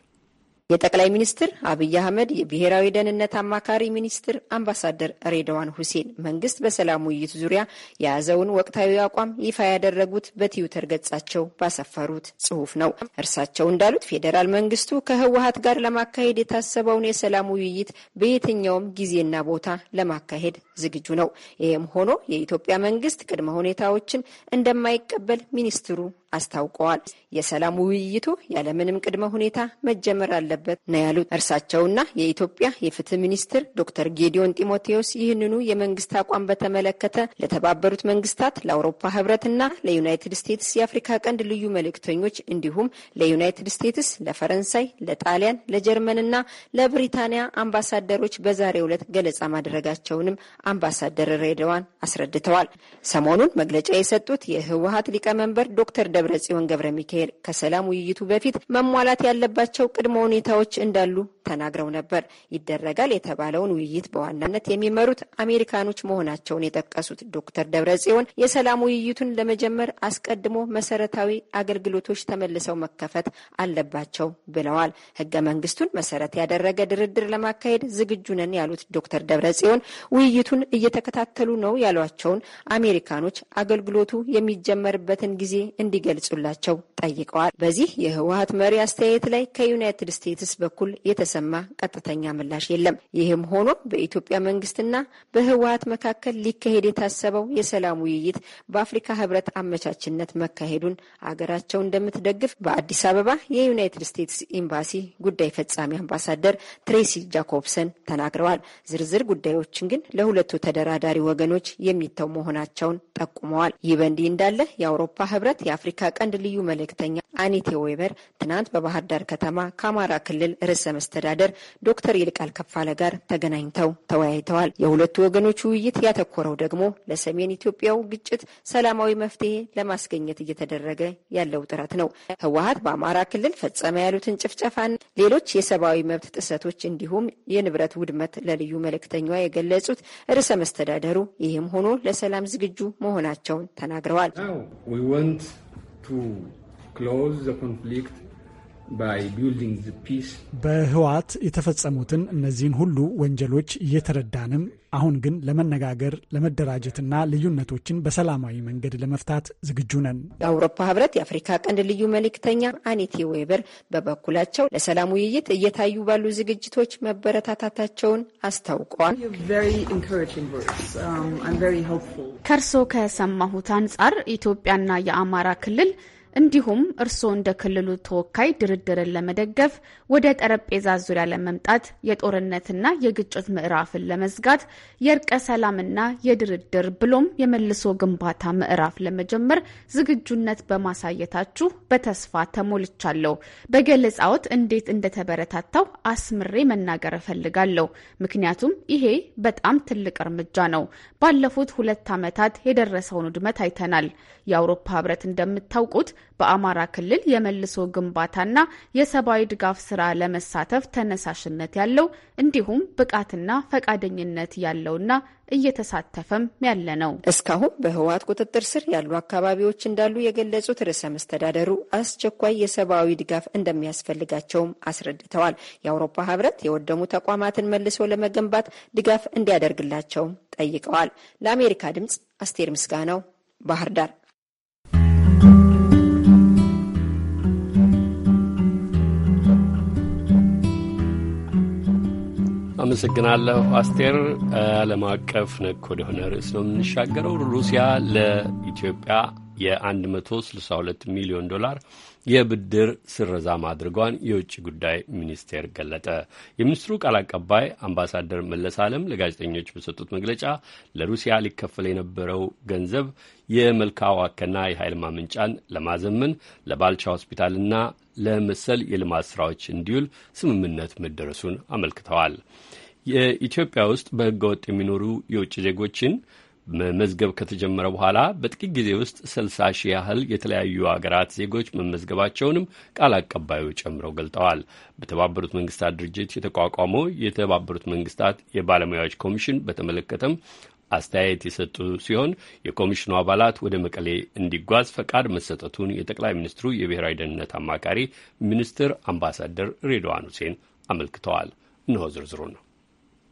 የጠቅላይ ሚኒስትር አብይ አህመድ የብሔራዊ ደህንነት አማካሪ ሚኒስትር አምባሳደር ሬድዋን ሁሴን መንግስት በሰላም ውይይት ዙሪያ የያዘውን ወቅታዊ አቋም ይፋ ያደረጉት በትዊተር ገጻቸው ባሰፈሩት ጽሁፍ ነው። እርሳቸው እንዳሉት ፌዴራል መንግስቱ ከህወሀት ጋር ለማካሄድ የታሰበውን የሰላም ውይይት በየትኛውም ጊዜና ቦታ ለማካሄድ ዝግጁ ነው። ይህም ሆኖ የኢትዮጵያ መንግስት ቅድመ ሁኔታዎችን እንደማይቀበል ሚኒስትሩ አስታውቀዋል። የሰላም ውይይቱ ያለምንም ቅድመ ሁኔታ መጀመር አለበት ነው ያሉት እርሳቸውና የኢትዮጵያ የፍትህ ሚኒስትር ዶክተር ጌዲዮን ጢሞቴዎስ ይህንኑ የመንግስት አቋም በተመለከተ ለተባበሩት መንግስታት፣ ለአውሮፓ ህብረትና ለዩናይትድ ስቴትስ የአፍሪካ ቀንድ ልዩ መልእክተኞች እንዲሁም ለዩናይትድ ስቴትስ፣ ለፈረንሳይ፣ ለጣሊያን፣ ለጀርመንና ለብሪታንያ አምባሳደሮች በዛሬው ዕለት ገለጻ ማድረጋቸውንም አምባሳደር ሬድዋን አስረድተዋል። ሰሞኑን መግለጫ የሰጡት የህወሀት ሊቀመንበር ዶክተር ደብረ ጽዮን ገብረ ሚካኤል ከሰላም ውይይቱ በፊት መሟላት ያለባቸው ቅድመ ሁኔታዎች እንዳሉ ተናግረው ነበር። ይደረጋል የተባለውን ውይይት በዋናነት የሚመሩት አሜሪካኖች መሆናቸውን የጠቀሱት ዶክተር ደብረ ጽዮን የሰላም ውይይቱን ለመጀመር አስቀድሞ መሰረታዊ አገልግሎቶች ተመልሰው መከፈት አለባቸው ብለዋል። ህገ መንግስቱን መሰረት ያደረገ ድርድር ለማካሄድ ዝግጁ ነን ያሉት ዶክተር ደብረ ጽዮን ውይይቱን እየተከታተሉ ነው ያሏቸውን አሜሪካኖች አገልግሎቱ የሚጀመርበትን ጊዜ እንዲገ እንዲገልጹላቸው ጠይቀዋል። በዚህ የህወሀት መሪ አስተያየት ላይ ከዩናይትድ ስቴትስ በኩል የተሰማ ቀጥተኛ ምላሽ የለም። ይህም ሆኖ በኢትዮጵያ መንግስትና በህወሀት መካከል ሊካሄድ የታሰበው የሰላም ውይይት በአፍሪካ ህብረት አመቻችነት መካሄዱን አገራቸው እንደምትደግፍ በአዲስ አበባ የዩናይትድ ስቴትስ ኤምባሲ ጉዳይ ፈጻሚ አምባሳደር ትሬሲ ጃኮብሰን ተናግረዋል። ዝርዝር ጉዳዮችን ግን ለሁለቱ ተደራዳሪ ወገኖች የሚተው መሆናቸውን ጠቁመዋል። ይህ በእንዲህ እንዳለ የአውሮፓ ህብረት የአፍሪካ የአፍሪካ ቀንድ ልዩ መልእክተኛ አኒቴ ዌበር ትናንት በባህር ዳር ከተማ ከአማራ ክልል ርዕሰ መስተዳደር ዶክተር ይልቃል ከፋለ ጋር ተገናኝተው ተወያይተዋል። የሁለቱ ወገኖች ውይይት ያተኮረው ደግሞ ለሰሜን ኢትዮጵያው ግጭት ሰላማዊ መፍትሄ ለማስገኘት እየተደረገ ያለው ጥረት ነው። ህወሀት በአማራ ክልል ፈጸመ ያሉትን ጭፍጨፋና ሌሎች የሰብአዊ መብት ጥሰቶች እንዲሁም የንብረት ውድመት ለልዩ መልእክተኛዋ የገለጹት ርዕሰ መስተዳደሩ ይህም ሆኖ ለሰላም ዝግጁ መሆናቸውን ተናግረዋል። to close the conflict በህወሓት የተፈጸሙትን እነዚህን ሁሉ ወንጀሎች እየተረዳንም አሁን ግን ለመነጋገር ለመደራጀትና ልዩነቶችን በሰላማዊ መንገድ ለመፍታት ዝግጁ ነን። የአውሮፓ ህብረት የአፍሪካ ቀንድ ልዩ መልእክተኛ አኔቴ ዌበር በበኩላቸው ለሰላም ውይይት እየታዩ ባሉ ዝግጅቶች መበረታታታቸውን አስታውቀዋል። um, ከእርስዎ ከሰማሁት አንጻር ኢትዮጵያና የአማራ ክልል እንዲሁም እርስዎ እንደ ክልሉ ተወካይ ድርድርን ለመደገፍ ወደ ጠረጴዛ ዙሪያ ለመምጣት የጦርነትና የግጭት ምዕራፍን ለመዝጋት የእርቀ ሰላምና የድርድር ብሎም የመልሶ ግንባታ ምዕራፍ ለመጀመር ዝግጁነት በማሳየታችሁ በተስፋ ተሞልቻለሁ። በገለጻዎት እንዴት እንደተበረታታው አስምሬ መናገር እፈልጋለሁ። ምክንያቱም ይሄ በጣም ትልቅ እርምጃ ነው። ባለፉት ሁለት ዓመታት የደረሰውን ውድመት አይተናል። የአውሮፓ ህብረት እንደምታውቁት በአማራ ክልል የመልሶ ግንባታና የሰብአዊ ድጋፍ ስራ ለመሳተፍ ተነሳሽነት ያለው እንዲሁም ብቃትና ፈቃደኝነት ያለውና እየተሳተፈም ያለ ነው። እስካሁን በህወሀት ቁጥጥር ስር ያሉ አካባቢዎች እንዳሉ የገለጹት ርዕሰ መስተዳደሩ አስቸኳይ የሰብአዊ ድጋፍ እንደሚያስፈልጋቸውም አስረድተዋል። የአውሮፓ ህብረት የወደሙ ተቋማትን መልሶ ለመገንባት ድጋፍ እንዲያደርግላቸውም ጠይቀዋል። ለአሜሪካ ድምጽ አስቴር ምስጋናው ባህር ዳር አመሰግናለሁ አስቴር። ዓለም አቀፍ ነክ ወደሆነ ርዕስ ነው የምንሻገረው። ሩሲያ ለኢትዮጵያ የ162 ሚሊዮን ዶላር የብድር ስረዛ ማድረጓን የውጭ ጉዳይ ሚኒስቴር ገለጠ። የሚኒስትሩ ቃል አቀባይ አምባሳደር መለስ አለም ለጋዜጠኞች በሰጡት መግለጫ ለሩሲያ ሊከፈል የነበረው ገንዘብ የመልካ ዋከና የኃይል ማመንጫን ለማዘመን ለባልቻ ሆስፒታልና ለመሰል የልማት ስራዎች እንዲውል ስምምነት መደረሱን አመልክተዋል። የኢትዮጵያ ውስጥ በህገ ወጥ የሚኖሩ የውጭ ዜጎችን መመዝገብ ከተጀመረ በኋላ በጥቂት ጊዜ ውስጥ ስልሳ ሺህ ያህል የተለያዩ አገራት ዜጎች መመዝገባቸውንም ቃል አቀባዩ ጨምረው ገልጠዋል። በተባበሩት መንግስታት ድርጅት የተቋቋመው የተባበሩት መንግስታት የባለሙያዎች ኮሚሽን በተመለከተም አስተያየት የሰጡ ሲሆን የኮሚሽኑ አባላት ወደ መቀሌ እንዲጓዝ ፈቃድ መሰጠቱን የጠቅላይ ሚኒስትሩ የብሔራዊ ደህንነት አማካሪ ሚኒስትር አምባሳደር ሬድዋን ሁሴን አመልክተዋል። እነሆ ዝርዝሩ ነው።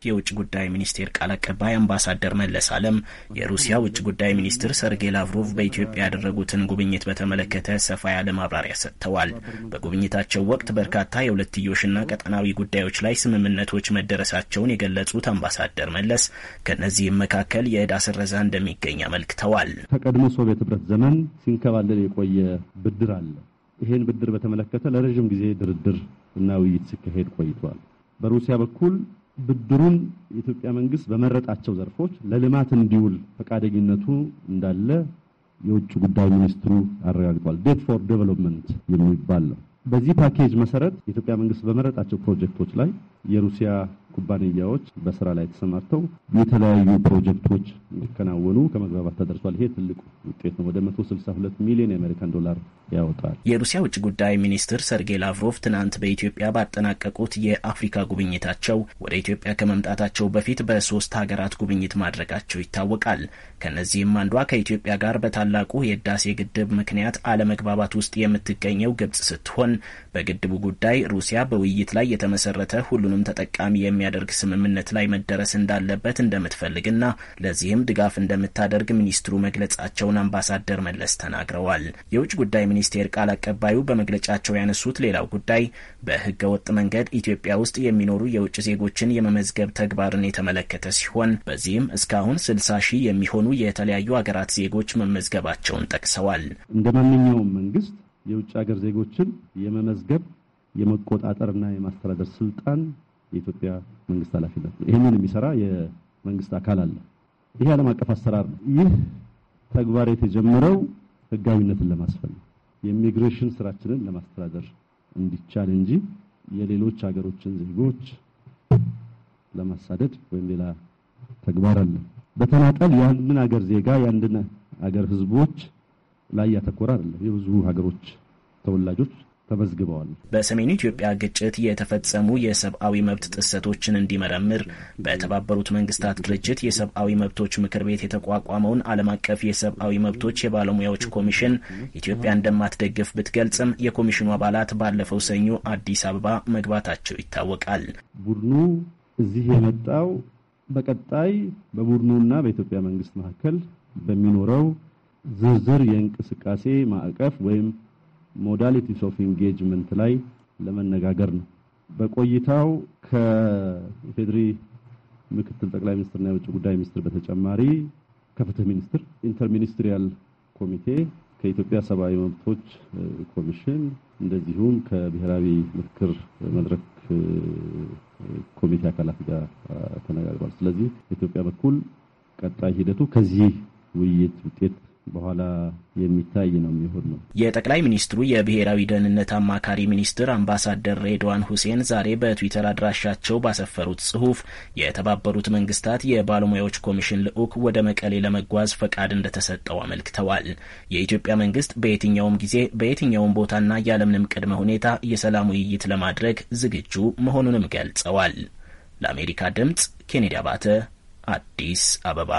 የውጭ ጉዳይ ሚኒስቴር ቃል አቀባይ አምባሳደር መለስ አለም የሩሲያ ውጭ ጉዳይ ሚኒስትር ሰርጌይ ላቭሮቭ በኢትዮጵያ ያደረጉትን ጉብኝት በተመለከተ ሰፋ ያለ ማብራሪያ ሰጥተዋል። በጉብኝታቸው ወቅት በርካታ የሁለትዮሽና ቀጠናዊ ጉዳዮች ላይ ስምምነቶች መደረሳቸውን የገለጹት አምባሳደር መለስ ከእነዚህም መካከል የእዳ ስረዛ እንደሚገኝ አመልክተዋል። ከቀድሞ ሶቪየት ህብረት ዘመን ሲንከባለል የቆየ ብድር አለ። ይሄን ብድር በተመለከተ ለረዥም ጊዜ ድርድር እና ውይይት ሲካሄድ ቆይቷል። በሩሲያ በኩል ብድሩን የኢትዮጵያ መንግስት በመረጣቸው ዘርፎች ለልማት እንዲውል ፈቃደኝነቱ እንዳለ የውጭ ጉዳይ ሚኒስትሩ አረጋግጧል። ዴት ፎር ዴቨሎፕመንት የሚባል ነው። በዚህ ፓኬጅ መሰረት የኢትዮጵያ መንግስት በመረጣቸው ፕሮጀክቶች ላይ የሩሲያ ኩባንያዎች በስራ ላይ ተሰማርተው የተለያዩ ፕሮጀክቶች እንዲከናወኑ ከመግባባት ተደርሷል። ይሄ ትልቁ ውጤት ነው። ወደ 162 ሚሊዮን የአሜሪካን ዶላር ያወጣል። የሩሲያ ውጭ ጉዳይ ሚኒስትር ሰርጌይ ላቭሮቭ ትናንት በኢትዮጵያ ባጠናቀቁት የአፍሪካ ጉብኝታቸው ወደ ኢትዮጵያ ከመምጣታቸው በፊት በሶስት ሀገራት ጉብኝት ማድረጋቸው ይታወቃል። ከነዚህም አንዷ ከኢትዮጵያ ጋር በታላቁ የህዳሴ ግድብ ምክንያት አለመግባባት ውስጥ የምትገኘው ግብጽ ስትሆን በግድቡ ጉዳይ ሩሲያ በውይይት ላይ የተመሰረተ ሁሉንም ተጠቃሚ የሚያደርግ ስምምነት ላይ መደረስ እንዳለበት እንደምትፈልግና ለዚህም ድጋፍ እንደምታደርግ ሚኒስትሩ መግለጻቸውን አምባሳደር መለስ ተናግረዋል። የውጭ ጉዳይ ሚኒስቴር ቃል አቀባዩ በመግለጫቸው ያነሱት ሌላው ጉዳይ በህገ ወጥ መንገድ ኢትዮጵያ ውስጥ የሚኖሩ የውጭ ዜጎችን የመመዝገብ ተግባርን የተመለከተ ሲሆን በዚህም እስካሁን ስልሳ ሺህ የሚሆኑ የተለያዩ ሀገራት ዜጎች መመዝገባቸውን ጠቅሰዋል። እንደ ማንኛውም መንግስት የውጭ ሀገር ዜጎችን የመመዝገብ የመቆጣጠርና የማስተዳደር ስልጣን የኢትዮጵያ መንግስት ኃላፊነት ነው። ይህንን የሚሰራ የመንግስት አካል አለ። ይሄ ዓለም አቀፍ አሰራር ነው። ይህ ተግባር የተጀመረው ህጋዊነትን ለማስፈን የኢሚግሬሽን ስራችንን ለማስተዳደር እንዲቻል እንጂ የሌሎች ሀገሮችን ዜጎች ለማሳደድ ወይም ሌላ ተግባር አለ። በተናጠል የአንድን ሀገር ዜጋ የአንድን ሀገር ህዝቦች ላይ ያተኮረ አይደለም። የብዙ ሀገሮች ተወላጆች ተመዝግበዋል። በሰሜኑ ኢትዮጵያ ግጭት የተፈጸሙ የሰብአዊ መብት ጥሰቶችን እንዲመረምር በተባበሩት መንግስታት ድርጅት የሰብአዊ መብቶች ምክር ቤት የተቋቋመውን ዓለም አቀፍ የሰብአዊ መብቶች የባለሙያዎች ኮሚሽን ኢትዮጵያ እንደማትደግፍ ብትገልጽም የኮሚሽኑ አባላት ባለፈው ሰኞ አዲስ አበባ መግባታቸው ይታወቃል። ቡድኑ እዚህ የመጣው በቀጣይ በቡድኑና በኢትዮጵያ መንግስት መካከል በሚኖረው ዝርዝር የእንቅስቃሴ ማዕቀፍ ወይም ሞዳሊቲስ ኦፍ ኢንጌጅመንት ላይ ለመነጋገር ነው። በቆይታው ከኢፌድሪ ምክትል ጠቅላይ ሚኒስትርና የውጭ ጉዳይ ሚኒስትር በተጨማሪ ከፍትህ ሚኒስትር፣ ኢንተርሚኒስትሪያል ኮሚቴ ከኢትዮጵያ ሰብአዊ መብቶች ኮሚሽን እንደዚሁም ከብሔራዊ ምክክር መድረክ ኮሚቴ አካላት ጋር ተነጋግሯል። ስለዚህ በኢትዮጵያ በኩል ቀጣይ ሂደቱ ከዚህ ውይይት ውጤት በኋላ የሚታይ ነው የሚሆን ነው። የጠቅላይ ሚኒስትሩ የብሔራዊ ደህንነት አማካሪ ሚኒስትር አምባሳደር ሬድዋን ሁሴን ዛሬ በትዊተር አድራሻቸው ባሰፈሩት ጽሁፍ የተባበሩት መንግስታት የባለሙያዎች ኮሚሽን ልዑክ ወደ መቀሌ ለመጓዝ ፈቃድ እንደተሰጠው አመልክተዋል። የኢትዮጵያ መንግስት በየትኛውም ጊዜ በየትኛውም ቦታና ያለምንም ቅድመ ሁኔታ የሰላም ውይይት ለማድረግ ዝግጁ መሆኑንም ገልጸዋል። ለአሜሪካ ድምጽ ኬኔዲ አባተ አዲስ አበባ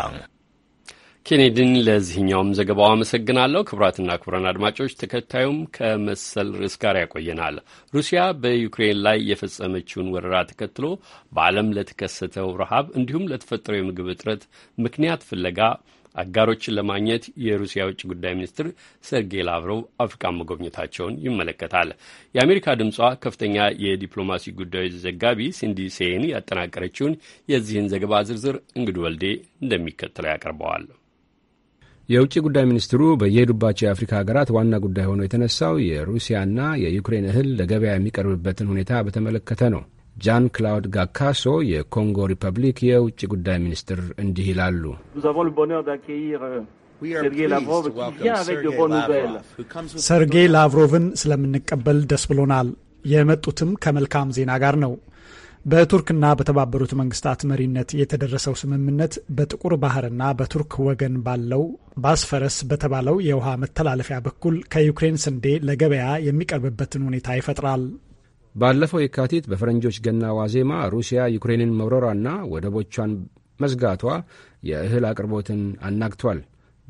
ኬኔዲን ለዚህኛውም ዘገባው አመሰግናለሁ። ክቡራትና ክቡራን አድማጮች ተከታዩም ከመሰል ርዕስ ጋር ያቆየናል። ሩሲያ በዩክሬን ላይ የፈጸመችውን ወረራ ተከትሎ በዓለም ለተከሰተው ረሃብ እንዲሁም ለተፈጠረው የምግብ እጥረት ምክንያት ፍለጋ አጋሮችን ለማግኘት የሩሲያ ውጭ ጉዳይ ሚኒስትር ሰርጌይ ላቭሮቭ አፍሪካ መጎብኘታቸውን ይመለከታል። የአሜሪካ ድምጿ ከፍተኛ የዲፕሎማሲ ጉዳዮች ዘጋቢ ሲንዲ ሴን ያጠናቀረችውን የዚህን ዘገባ ዝርዝር እንግዱ ወልዴ እንደሚከተለው ያቀርበዋል። የውጭ ጉዳይ ሚኒስትሩ በየሄዱባቸው የአፍሪካ ሀገራት ዋና ጉዳይ ሆኖ የተነሳው የሩሲያና የዩክሬን እህል ለገበያ የሚቀርብበትን ሁኔታ በተመለከተ ነው። ጃን ክላውድ ጋካሶ የኮንጎ ሪፐብሊክ የውጭ ጉዳይ ሚኒስትር እንዲህ ይላሉ። ሰርጌይ ላቭሮቭን ስለምንቀበል ደስ ብሎናል። የመጡትም ከመልካም ዜና ጋር ነው። በቱርክና በተባበሩት መንግስታት መሪነት የተደረሰው ስምምነት በጥቁር ባህርና በቱርክ ወገን ባለው ባስፈረስ በተባለው የውሃ መተላለፊያ በኩል ከዩክሬን ስንዴ ለገበያ የሚቀርብበትን ሁኔታ ይፈጥራል። ባለፈው የካቲት በፈረንጆች ገና ዋዜማ ሩሲያ ዩክሬንን መውረሯና ወደቦቿን መዝጋቷ የእህል አቅርቦትን አናግቷል።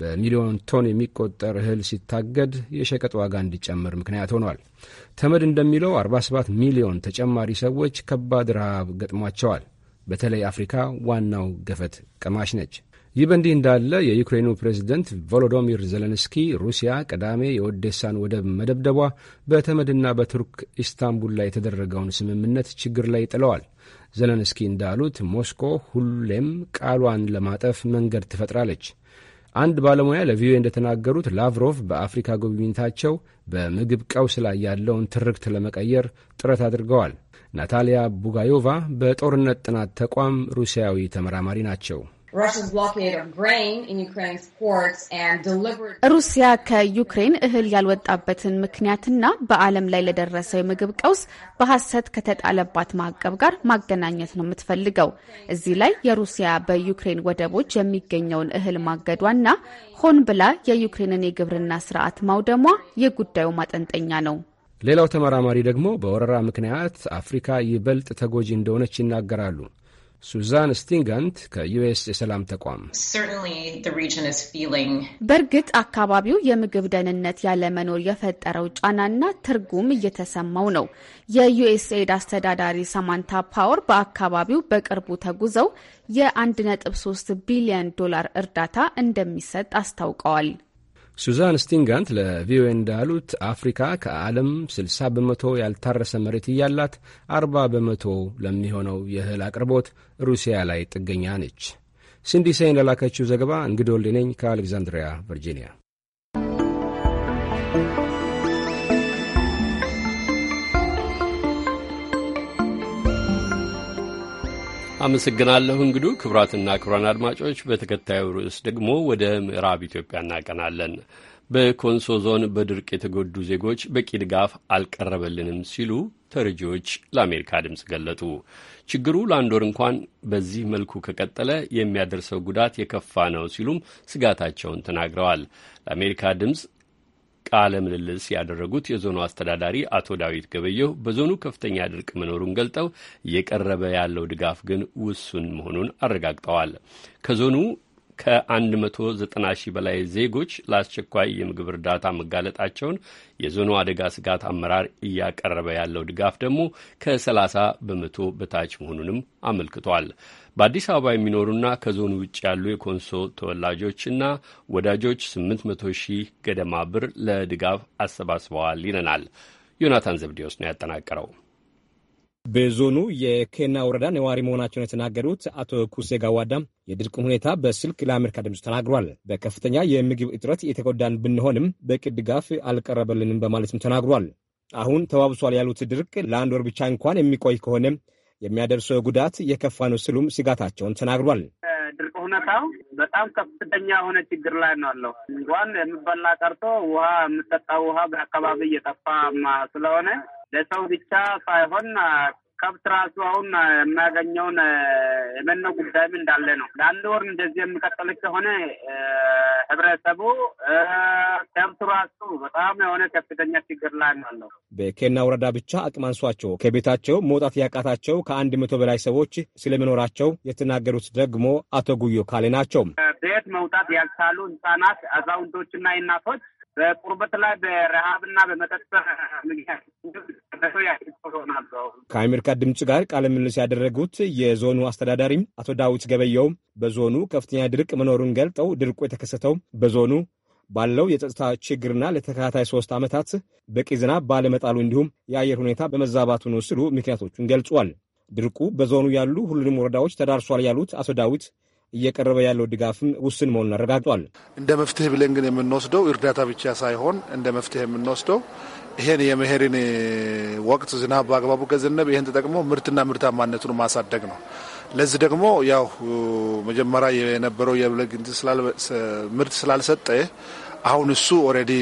በሚሊዮን ቶን የሚቆጠር እህል ሲታገድ የሸቀጥ ዋጋ እንዲጨምር ምክንያት ሆኗል። ተመድ እንደሚለው 47 ሚሊዮን ተጨማሪ ሰዎች ከባድ ረሃብ ገጥሟቸዋል። በተለይ አፍሪካ ዋናው ገፈት ቀማሽ ነች። ይህ በእንዲህ እንዳለ የዩክሬኑ ፕሬዝደንት ቮሎዶሚር ዘለንስኪ ሩሲያ ቅዳሜ የኦዴሳን ወደብ መደብደቧ በተመድና በቱርክ ኢስታንቡል ላይ የተደረገውን ስምምነት ችግር ላይ ጥለዋል። ዘለንስኪ እንዳሉት ሞስኮ ሁሌም ቃሏን ለማጠፍ መንገድ ትፈጥራለች። አንድ ባለሙያ ለቪኦኤ እንደተናገሩት ላቭሮቭ በአፍሪካ ጉብኝታቸው በምግብ ቀውስ ላይ ያለውን ትርክት ለመቀየር ጥረት አድርገዋል። ናታሊያ ቡጋዮቫ በጦርነት ጥናት ተቋም ሩሲያዊ ተመራማሪ ናቸው። ሩሲያ ከዩክሬን እህል ያልወጣበትን ምክንያትና በዓለም ላይ ለደረሰው የምግብ ቀውስ በሐሰት ከተጣለባት ማዕቀብ ጋር ማገናኘት ነው የምትፈልገው። እዚህ ላይ የሩሲያ በዩክሬን ወደቦች የሚገኘውን እህል ማገዷና ሆን ብላ የዩክሬንን የግብርና ስርዓት ማውደሟ የጉዳዩ ማጠንጠኛ ነው። ሌላው ተመራማሪ ደግሞ በወረራ ምክንያት አፍሪካ ይበልጥ ተጎጂ እንደሆነች ይናገራሉ። ሱዛን ስቲንጋንት ከዩኤስ የሰላም ተቋም፣ በእርግጥ አካባቢው የምግብ ደህንነት ያለመኖር የፈጠረው ጫናና ትርጉም እየተሰማው ነው። የዩኤስኤድ አስተዳዳሪ ሳማንታ ፓወር በአካባቢው በቅርቡ ተጉዘው የ1.3 ቢሊዮን ዶላር እርዳታ እንደሚሰጥ አስታውቀዋል። ሱዛን ስቲንጋንት ለቪኦኤ እንዳሉት አፍሪካ ከዓለም 60 በመቶ ያልታረሰ መሬት እያላት 40 በመቶ ለሚሆነው የእህል አቅርቦት ሩሲያ ላይ ጥገኛ ነች። ሲንዲ እንደላከችው ለላከችው ዘገባ እንግዶልነኝ ከአሌክዛንድሪያ ቨርጂኒያ አመሰግናለሁ እንግዱ። ክቡራትና ክቡራን አድማጮች በተከታዩ ርዕስ ደግሞ ወደ ምዕራብ ኢትዮጵያ እናቀናለን። በኮንሶ ዞን በድርቅ የተጎዱ ዜጎች በቂ ድጋፍ አልቀረበልንም ሲሉ ተረጂዎች ለአሜሪካ ድምፅ ገለጡ። ችግሩ ለአንድ ወር እንኳን በዚህ መልኩ ከቀጠለ የሚያደርሰው ጉዳት የከፋ ነው ሲሉም ስጋታቸውን ተናግረዋል። ለአሜሪካ ድምፅ ቃለ ምልልስ ያደረጉት የዞኑ አስተዳዳሪ አቶ ዳዊት ገበየሁ በዞኑ ከፍተኛ ድርቅ መኖሩን ገልጠው እየቀረበ ያለው ድጋፍ ግን ውሱን መሆኑን አረጋግጠዋል። ከዞኑ ከ190 ሺህ በላይ ዜጎች ለአስቸኳይ የምግብ እርዳታ መጋለጣቸውን የዞኑ አደጋ ስጋት አመራር እያቀረበ ያለው ድጋፍ ደግሞ ከ30 በመቶ በታች መሆኑንም አመልክቷል። በአዲስ አበባ የሚኖሩና ከዞኑ ውጭ ያሉ የኮንሶ ተወላጆችና ወዳጆች 800 ሺህ ገደማ ብር ለድጋፍ አሰባስበዋል ይለናል። ዮናታን ዘብዴዎስ ነው ያጠናቀረው። በዞኑ የኬና ወረዳ ነዋሪ መሆናቸውን የተናገሩት አቶ ኩሴ ጋዋዳ የድርቅን ሁኔታ በስልክ ለአሜሪካ ድምፅ ተናግሯል። በከፍተኛ የምግብ እጥረት የተጎዳን ብንሆንም በቂ ድጋፍ አልቀረበልንም በማለትም ተናግሯል። አሁን ተባብሷል ያሉት ድርቅ ለአንድ ወር ብቻ እንኳን የሚቆይ ከሆነ የሚያደርሰው ጉዳት የከፋ ነው ስሉም ስጋታቸውን ተናግሯል። ድርቅ ሁኔታው በጣም ከፍተኛ የሆነ ችግር ላይ ነው ያለው። እንኳን የሚበላ ቀርቶ ውሃ የምጠጣው ውሃ በአካባቢ እየጠፋ ስለሆነ ለሰው ብቻ ሳይሆን ከብት ራሱ አሁን የማያገኘውን የመኖ ጉዳይም እንዳለ ነው። ለአንድ ወር እንደዚህ የሚቀጥል ከሆነ ህብረተሰቡ ከብቱ ራሱ በጣም የሆነ ከፍተኛ ችግር ላይ አለው። በኬና ወረዳ ብቻ አቅም አንሷቸው ከቤታቸው መውጣት ያቃታቸው ከአንድ መቶ በላይ ሰዎች ስለመኖራቸው የተናገሩት ደግሞ አቶ ጉዮ ካሌ ናቸው። ቤት መውጣት ያልቻሉ ህጻናት፣ አዛውንቶችና እናቶች በቁርበት ላይ በረሃብና በመጠጥ ከአሜሪካ ድምፅ ጋር ቃለ ምልልስ ያደረጉት የዞኑ አስተዳዳሪም አቶ ዳዊት ገበየው በዞኑ ከፍተኛ ድርቅ መኖሩን ገልጠው ድርቁ የተከሰተው በዞኑ ባለው የጸጥታ ችግርና ለተከታታይ ሶስት ዓመታት በቂ ዝናብ ባለመጣሉ እንዲሁም የአየር ሁኔታ በመዛባቱ ነው ሲሉ ምክንያቶቹን ገልጿል። ድርቁ በዞኑ ያሉ ሁሉንም ወረዳዎች ተዳርሷል ያሉት አቶ ዳዊት እየቀረበ ያለው ድጋፍም ውስን መሆኑን አረጋግጧል። እንደ መፍትሄ ብለን ግን የምንወስደው እርዳታ ብቻ ሳይሆን እንደ መፍትሄ የምንወስደው ይሄን የመኸርን ወቅት ዝናብ በአግባቡ ከዘነበ ይህን ተጠቅሞ ምርትና ምርታማነቱን ማሳደግ ነው። ለዚህ ደግሞ ያው መጀመሪያ የነበረው የበልግ ምርት ስላልሰጠ አሁን እሱ ኦልሬዲ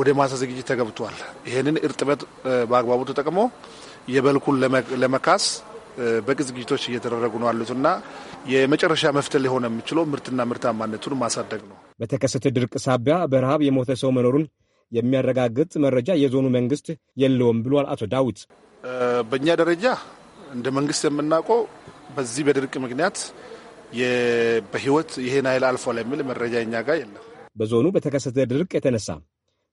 ወደ ማሳ ዝግጅት ተገብቷል። ይህንን እርጥበት በአግባቡ ተጠቅሞ የበልኩን ለመካስ በቅ ዝግጅቶች እየተደረጉ ነው ያሉትና የመጨረሻ መፍትሄ ሊሆን የሚችለው ምርትና ምርታማነቱን ማሳደግ ነው። በተከሰተ ድርቅ ሳቢያ በረሃብ የሞተ ሰው መኖሩን የሚያረጋግጥ መረጃ የዞኑ መንግስት የለውም ብሏል አቶ ዳዊት። በእኛ ደረጃ እንደ መንግስት የምናውቀው በዚህ በድርቅ ምክንያት በህይወት ይሄን ኃይል አልፏል የሚል መረጃ እኛ ጋር የለም። በዞኑ በተከሰተ ድርቅ የተነሳ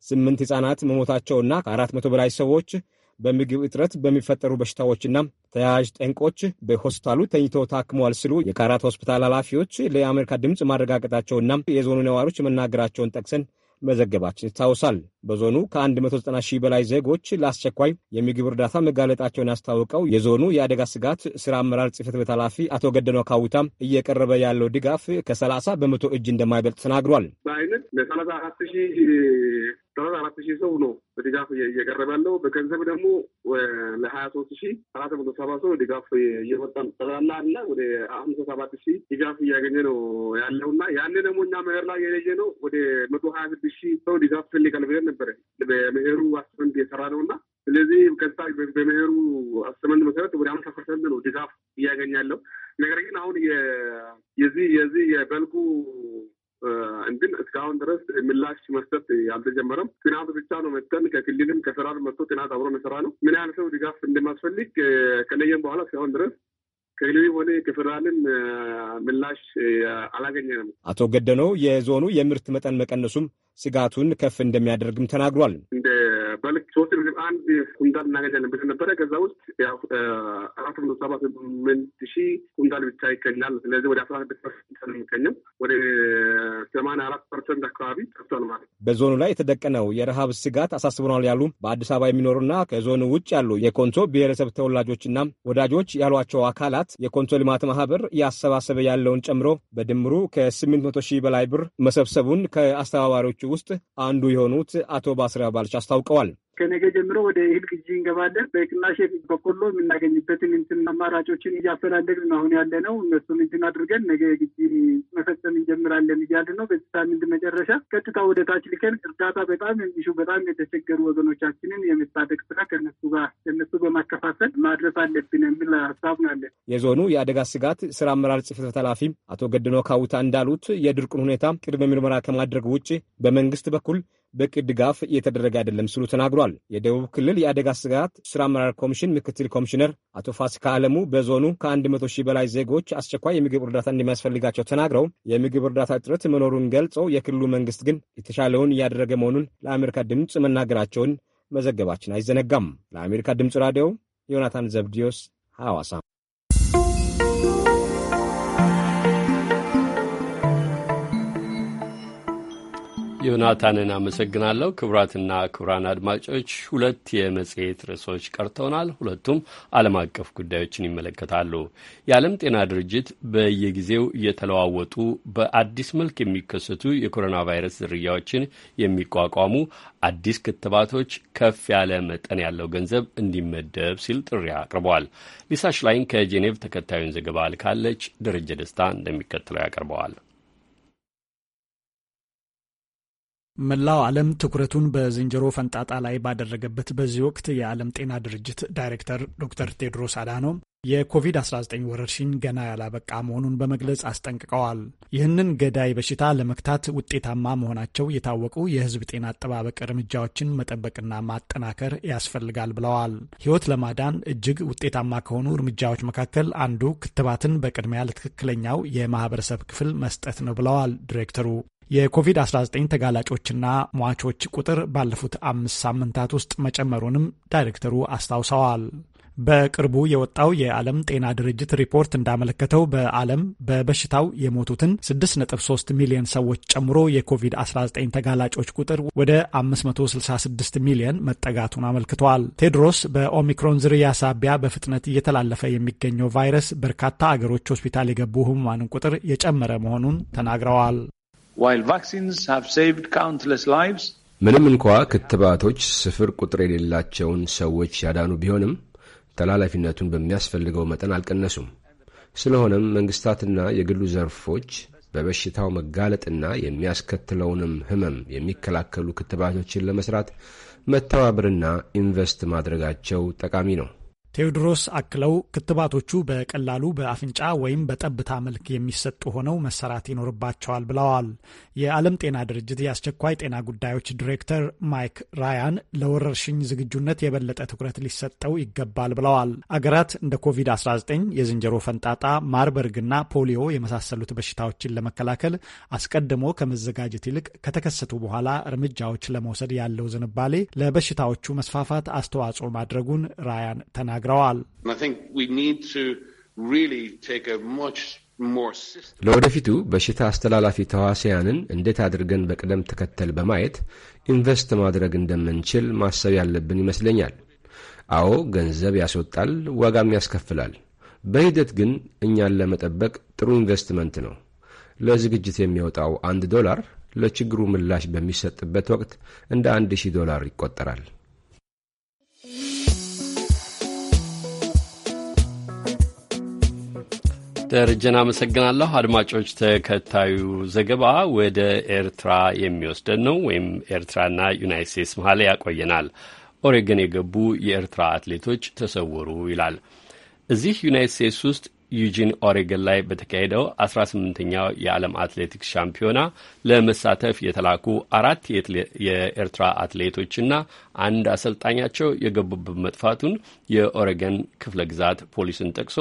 ስምንት ህጻናት መሞታቸውና ከአራት መቶ በላይ ሰዎች በምግብ እጥረት በሚፈጠሩ በሽታዎችና ተያያዥ ጠንቆች በሆስፒታሉ ተኝተው ታክመዋል ሲሉ የካራት ሆስፒታል ኃላፊዎች ለአሜሪካ ድምፅ ማረጋገጣቸውና የዞኑ ነዋሪዎች መናገራቸውን ጠቅሰን መዘገባችን ይታወሳል። በዞኑ ከ190 ሺህ በላይ ዜጎች ለአስቸኳይ የምግብ እርዳታ መጋለጣቸውን ያስታወቀው የዞኑ የአደጋ ስጋት ስራ አመራር ጽሕፈት ቤት ኃላፊ አቶ ገደኖ ካዊታ እየቀረበ ያለው ድጋፍ ከ30 በመቶ እጅ እንደማይበልጥ ተናግሯል። በአይነት ለ34 ሺህ ሰባት አራት ሺህ ሰው ነው በድጋፍ እየቀረበ ያለው። በገንዘብ ደግሞ ለሀያ ሶስት ሺህ አራት መቶ ሰባ ሰው ድጋፍ እየወጣ ጠቅላላ አለ ወደ አምሳ ሰባት ሺህ ድጋፍ እያገኘ ነው ያለው እና ያኔ ደግሞ እኛ ምህር ላይ የለየ ነው ወደ መቶ ሀያ ስድስት ሺህ ሰው ድጋፍ ፈልጋል ብለን ነበረ በምሄሩ አስበንድ የሰራ ነው እና ስለዚህ ከዛ በምሄሩ አስበንድ መሰረት ወደ አምሳ ፐርሰንት ነው ድጋፍ እያገኛለው ነገር ግን አሁን የዚህ የዚህ የበልጉ ግን እስካሁን ድረስ ምላሽ መስጠት አልተጀመረም። ጥናቱ ብቻ ነው መጠን ከክልልም ከስራ መጥቶ ጥናት አብሮ መስራ ነው። ምን ያህል ሰው ድጋፍ እንደማስፈልግ ከለየም በኋላ እስካሁን ድረስ ከክልልም ሆነ ከፌዴራልም ምላሽ አላገኘንም። አቶ ገደኖ የዞኑ የምርት መጠን መቀነሱም ስጋቱን ከፍ እንደሚያደርግም ተናግሯል። እንደ በልክ ሶስት ምግብ አንድ ኩንታል እናገኛለን ብለን ነበረ። ከዛ ውስጥ አራት መቶ ሰባ ስምንት ሺህ ኩንታል ብቻ ይገኛል። ስለዚህ ወደ አስራ ስድስት ፐርሰንት ነው የሚገኘው። ወደ ሰማንያ አራት ፐርሰንት አካባቢ ከፍቷል ማለት ነው። በዞኑ ላይ የተደቀነው የረሃብ ስጋት አሳስበናል ያሉ በአዲስ አበባ የሚኖሩና ከዞኑ ውጭ ያሉ የኮንሶ ብሔረሰብ ተወላጆችና ወዳጆች ያሏቸው አካላት የኮንቶ ልማት ማህበር ያሰባሰበ ያለውን ጨምሮ በድምሩ ከ800 ሺህ በላይ ብር መሰብሰቡን ከአስተባባሪዎቹ ውስጥ አንዱ የሆኑት አቶ ባስራ ባልች አስታውቀዋል። ከነገ ጀምሮ ወደ እህል ግዢ እንገባለን። በቅናሽ በቆሎ የምናገኝበትን እንትን አማራጮችን እያፈላለግን ነው አሁን ያለ ነው። እነሱን እንትን አድርገን ነገ ግዢ መፈጸም እንጀምራለን እያልን ነው። በዚህ ሳምንት መጨረሻ ቀጥታ ወደ ታች ልከን እርዳታ በጣም የሚሹ በጣም የተቸገሩ ወገኖቻችንን የመታደግ ስራ ከነሱ ጋር ከነሱ በማከፋፈል ማድረስ አለብን የሚል ሀሳብ ነው ያለን። የዞኑ የአደጋ ስጋት ስራ አመራር ጽሕፈት ኃላፊ አቶ ገድኖ ካውታ እንዳሉት የድርቁን ሁኔታ ቅድመ ምርመራ ከማድረግ ውጭ በመንግስት በኩል በቂ ድጋፍ እየተደረገ አይደለም ሲሉ ተናግሯል። የደቡብ ክልል የአደጋ ስጋት ስራ አመራር ኮሚሽን ምክትል ኮሚሽነር አቶ ፋሲካ አለሙ በዞኑ ከ100 ሺህ በላይ ዜጎች አስቸኳይ የምግብ እርዳታ እንደሚያስፈልጋቸው ተናግረው የምግብ እርዳታ እጥረት መኖሩን ገልጸው የክልሉ መንግስት ግን የተሻለውን እያደረገ መሆኑን ለአሜሪካ ድምፅ መናገራቸውን መዘገባችን አይዘነጋም። ለአሜሪካ ድምፅ ራዲዮ ዮናታን ዘብዲዮስ ሐዋሳ ዮናታንን አመሰግናለሁ። ክቡራትና ክቡራን አድማጮች ሁለት የመጽሔት ርዕሶች ቀርተውናል። ሁለቱም ዓለም አቀፍ ጉዳዮችን ይመለከታሉ። የዓለም ጤና ድርጅት በየጊዜው እየተለዋወጡ በአዲስ መልክ የሚከሰቱ የኮሮና ቫይረስ ዝርያዎችን የሚቋቋሙ አዲስ ክትባቶች ከፍ ያለ መጠን ያለው ገንዘብ እንዲመደብ ሲል ጥሪ አቅርበዋል። ሊሳሽ ላይን ከጄኔቭ ተከታዩን ዘገባ ልካለች። ደረጀ ደስታ እንደሚከተለው ያቀርበዋል። መላው ዓለም ትኩረቱን በዝንጀሮ ፈንጣጣ ላይ ባደረገበት በዚህ ወቅት የዓለም ጤና ድርጅት ዳይሬክተር ዶክተር ቴድሮስ አድሃኖም የኮቪድ-19 ወረርሽኝ ገና ያላበቃ መሆኑን በመግለጽ አስጠንቅቀዋል። ይህንን ገዳይ በሽታ ለመክታት ውጤታማ መሆናቸው የታወቁ የሕዝብ ጤና አጠባበቅ እርምጃዎችን መጠበቅና ማጠናከር ያስፈልጋል ብለዋል። ሕይወት ለማዳን እጅግ ውጤታማ ከሆኑ እርምጃዎች መካከል አንዱ ክትባትን በቅድሚያ ለትክክለኛው የማህበረሰብ ክፍል መስጠት ነው ብለዋል ዲሬክተሩ። የኮቪድ-19 ተጋላጮችና ሟቾች ቁጥር ባለፉት አምስት ሳምንታት ውስጥ መጨመሩንም ዳይሬክተሩ አስታውሰዋል። በቅርቡ የወጣው የዓለም ጤና ድርጅት ሪፖርት እንዳመለከተው በዓለም በበሽታው የሞቱትን 6.3 ሚሊዮን ሰዎች ጨምሮ የኮቪድ-19 ተጋላጮች ቁጥር ወደ 566 ሚሊዮን መጠጋቱን አመልክቷል። ቴድሮስ በኦሚክሮን ዝርያ ሳቢያ በፍጥነት እየተላለፈ የሚገኘው ቫይረስ በርካታ አገሮች ሆስፒታል የገቡ ህሙማንን ቁጥር የጨመረ መሆኑን ተናግረዋል። while vaccines have saved countless lives ምንም እንኳ ክትባቶች ስፍር ቁጥር የሌላቸውን ሰዎች ያዳኑ ቢሆንም ተላላፊነቱን በሚያስፈልገው መጠን አልቀነሱም። ስለሆነም መንግሥታትና የግሉ ዘርፎች በበሽታው መጋለጥና የሚያስከትለውንም ህመም የሚከላከሉ ክትባቶችን ለመስራት መተባበርና ኢንቨስት ማድረጋቸው ጠቃሚ ነው። ቴዎድሮስ አክለው ክትባቶቹ በቀላሉ በአፍንጫ ወይም በጠብታ መልክ የሚሰጡ ሆነው መሰራት ይኖርባቸዋል ብለዋል። የዓለም ጤና ድርጅት የአስቸኳይ ጤና ጉዳዮች ዲሬክተር ማይክ ራያን ለወረርሽኝ ዝግጁነት የበለጠ ትኩረት ሊሰጠው ይገባል ብለዋል። አገራት እንደ ኮቪድ-19፣ የዝንጀሮ ፈንጣጣ፣ ማርበርግና ፖሊዮ የመሳሰሉት በሽታዎችን ለመከላከል አስቀድሞ ከመዘጋጀት ይልቅ ከተከሰቱ በኋላ እርምጃዎች ለመውሰድ ያለው ዝንባሌ ለበሽታዎቹ መስፋፋት አስተዋጽኦ ማድረጉን ራያን ተናግረዋል። ተናግረዋል። ለወደፊቱ በሽታ አስተላላፊ ተዋሲያንን እንዴት አድርገን በቅደም ተከተል በማየት ኢንቨስት ማድረግ እንደምንችል ማሰብ ያለብን ይመስለኛል። አዎ ገንዘብ ያስወጣል፣ ዋጋም ያስከፍላል። በሂደት ግን እኛን ለመጠበቅ ጥሩ ኢንቨስትመንት ነው። ለዝግጅት የሚወጣው አንድ ዶላር ለችግሩ ምላሽ በሚሰጥበት ወቅት እንደ አንድ ሺህ ዶላር ይቆጠራል። ደረጀን አመሰግናለሁ። አድማጮች፣ ተከታዩ ዘገባ ወደ ኤርትራ የሚወስደን ነው ወይም ኤርትራና ዩናይት ስቴትስ መሀል ያቆየናል። ኦሬገን የገቡ የኤርትራ አትሌቶች ተሰወሩ ይላል። እዚህ ዩናይት ስቴትስ ውስጥ ዩጂን ኦሬገን ላይ በተካሄደው 18ኛው የዓለም አትሌቲክስ ሻምፒዮና ለመሳተፍ የተላኩ አራት የኤርትራ አትሌቶችና አንድ አሰልጣኛቸው የገቡበት መጥፋቱን የኦሬገን ክፍለ ግዛት ፖሊስን ጠቅሶ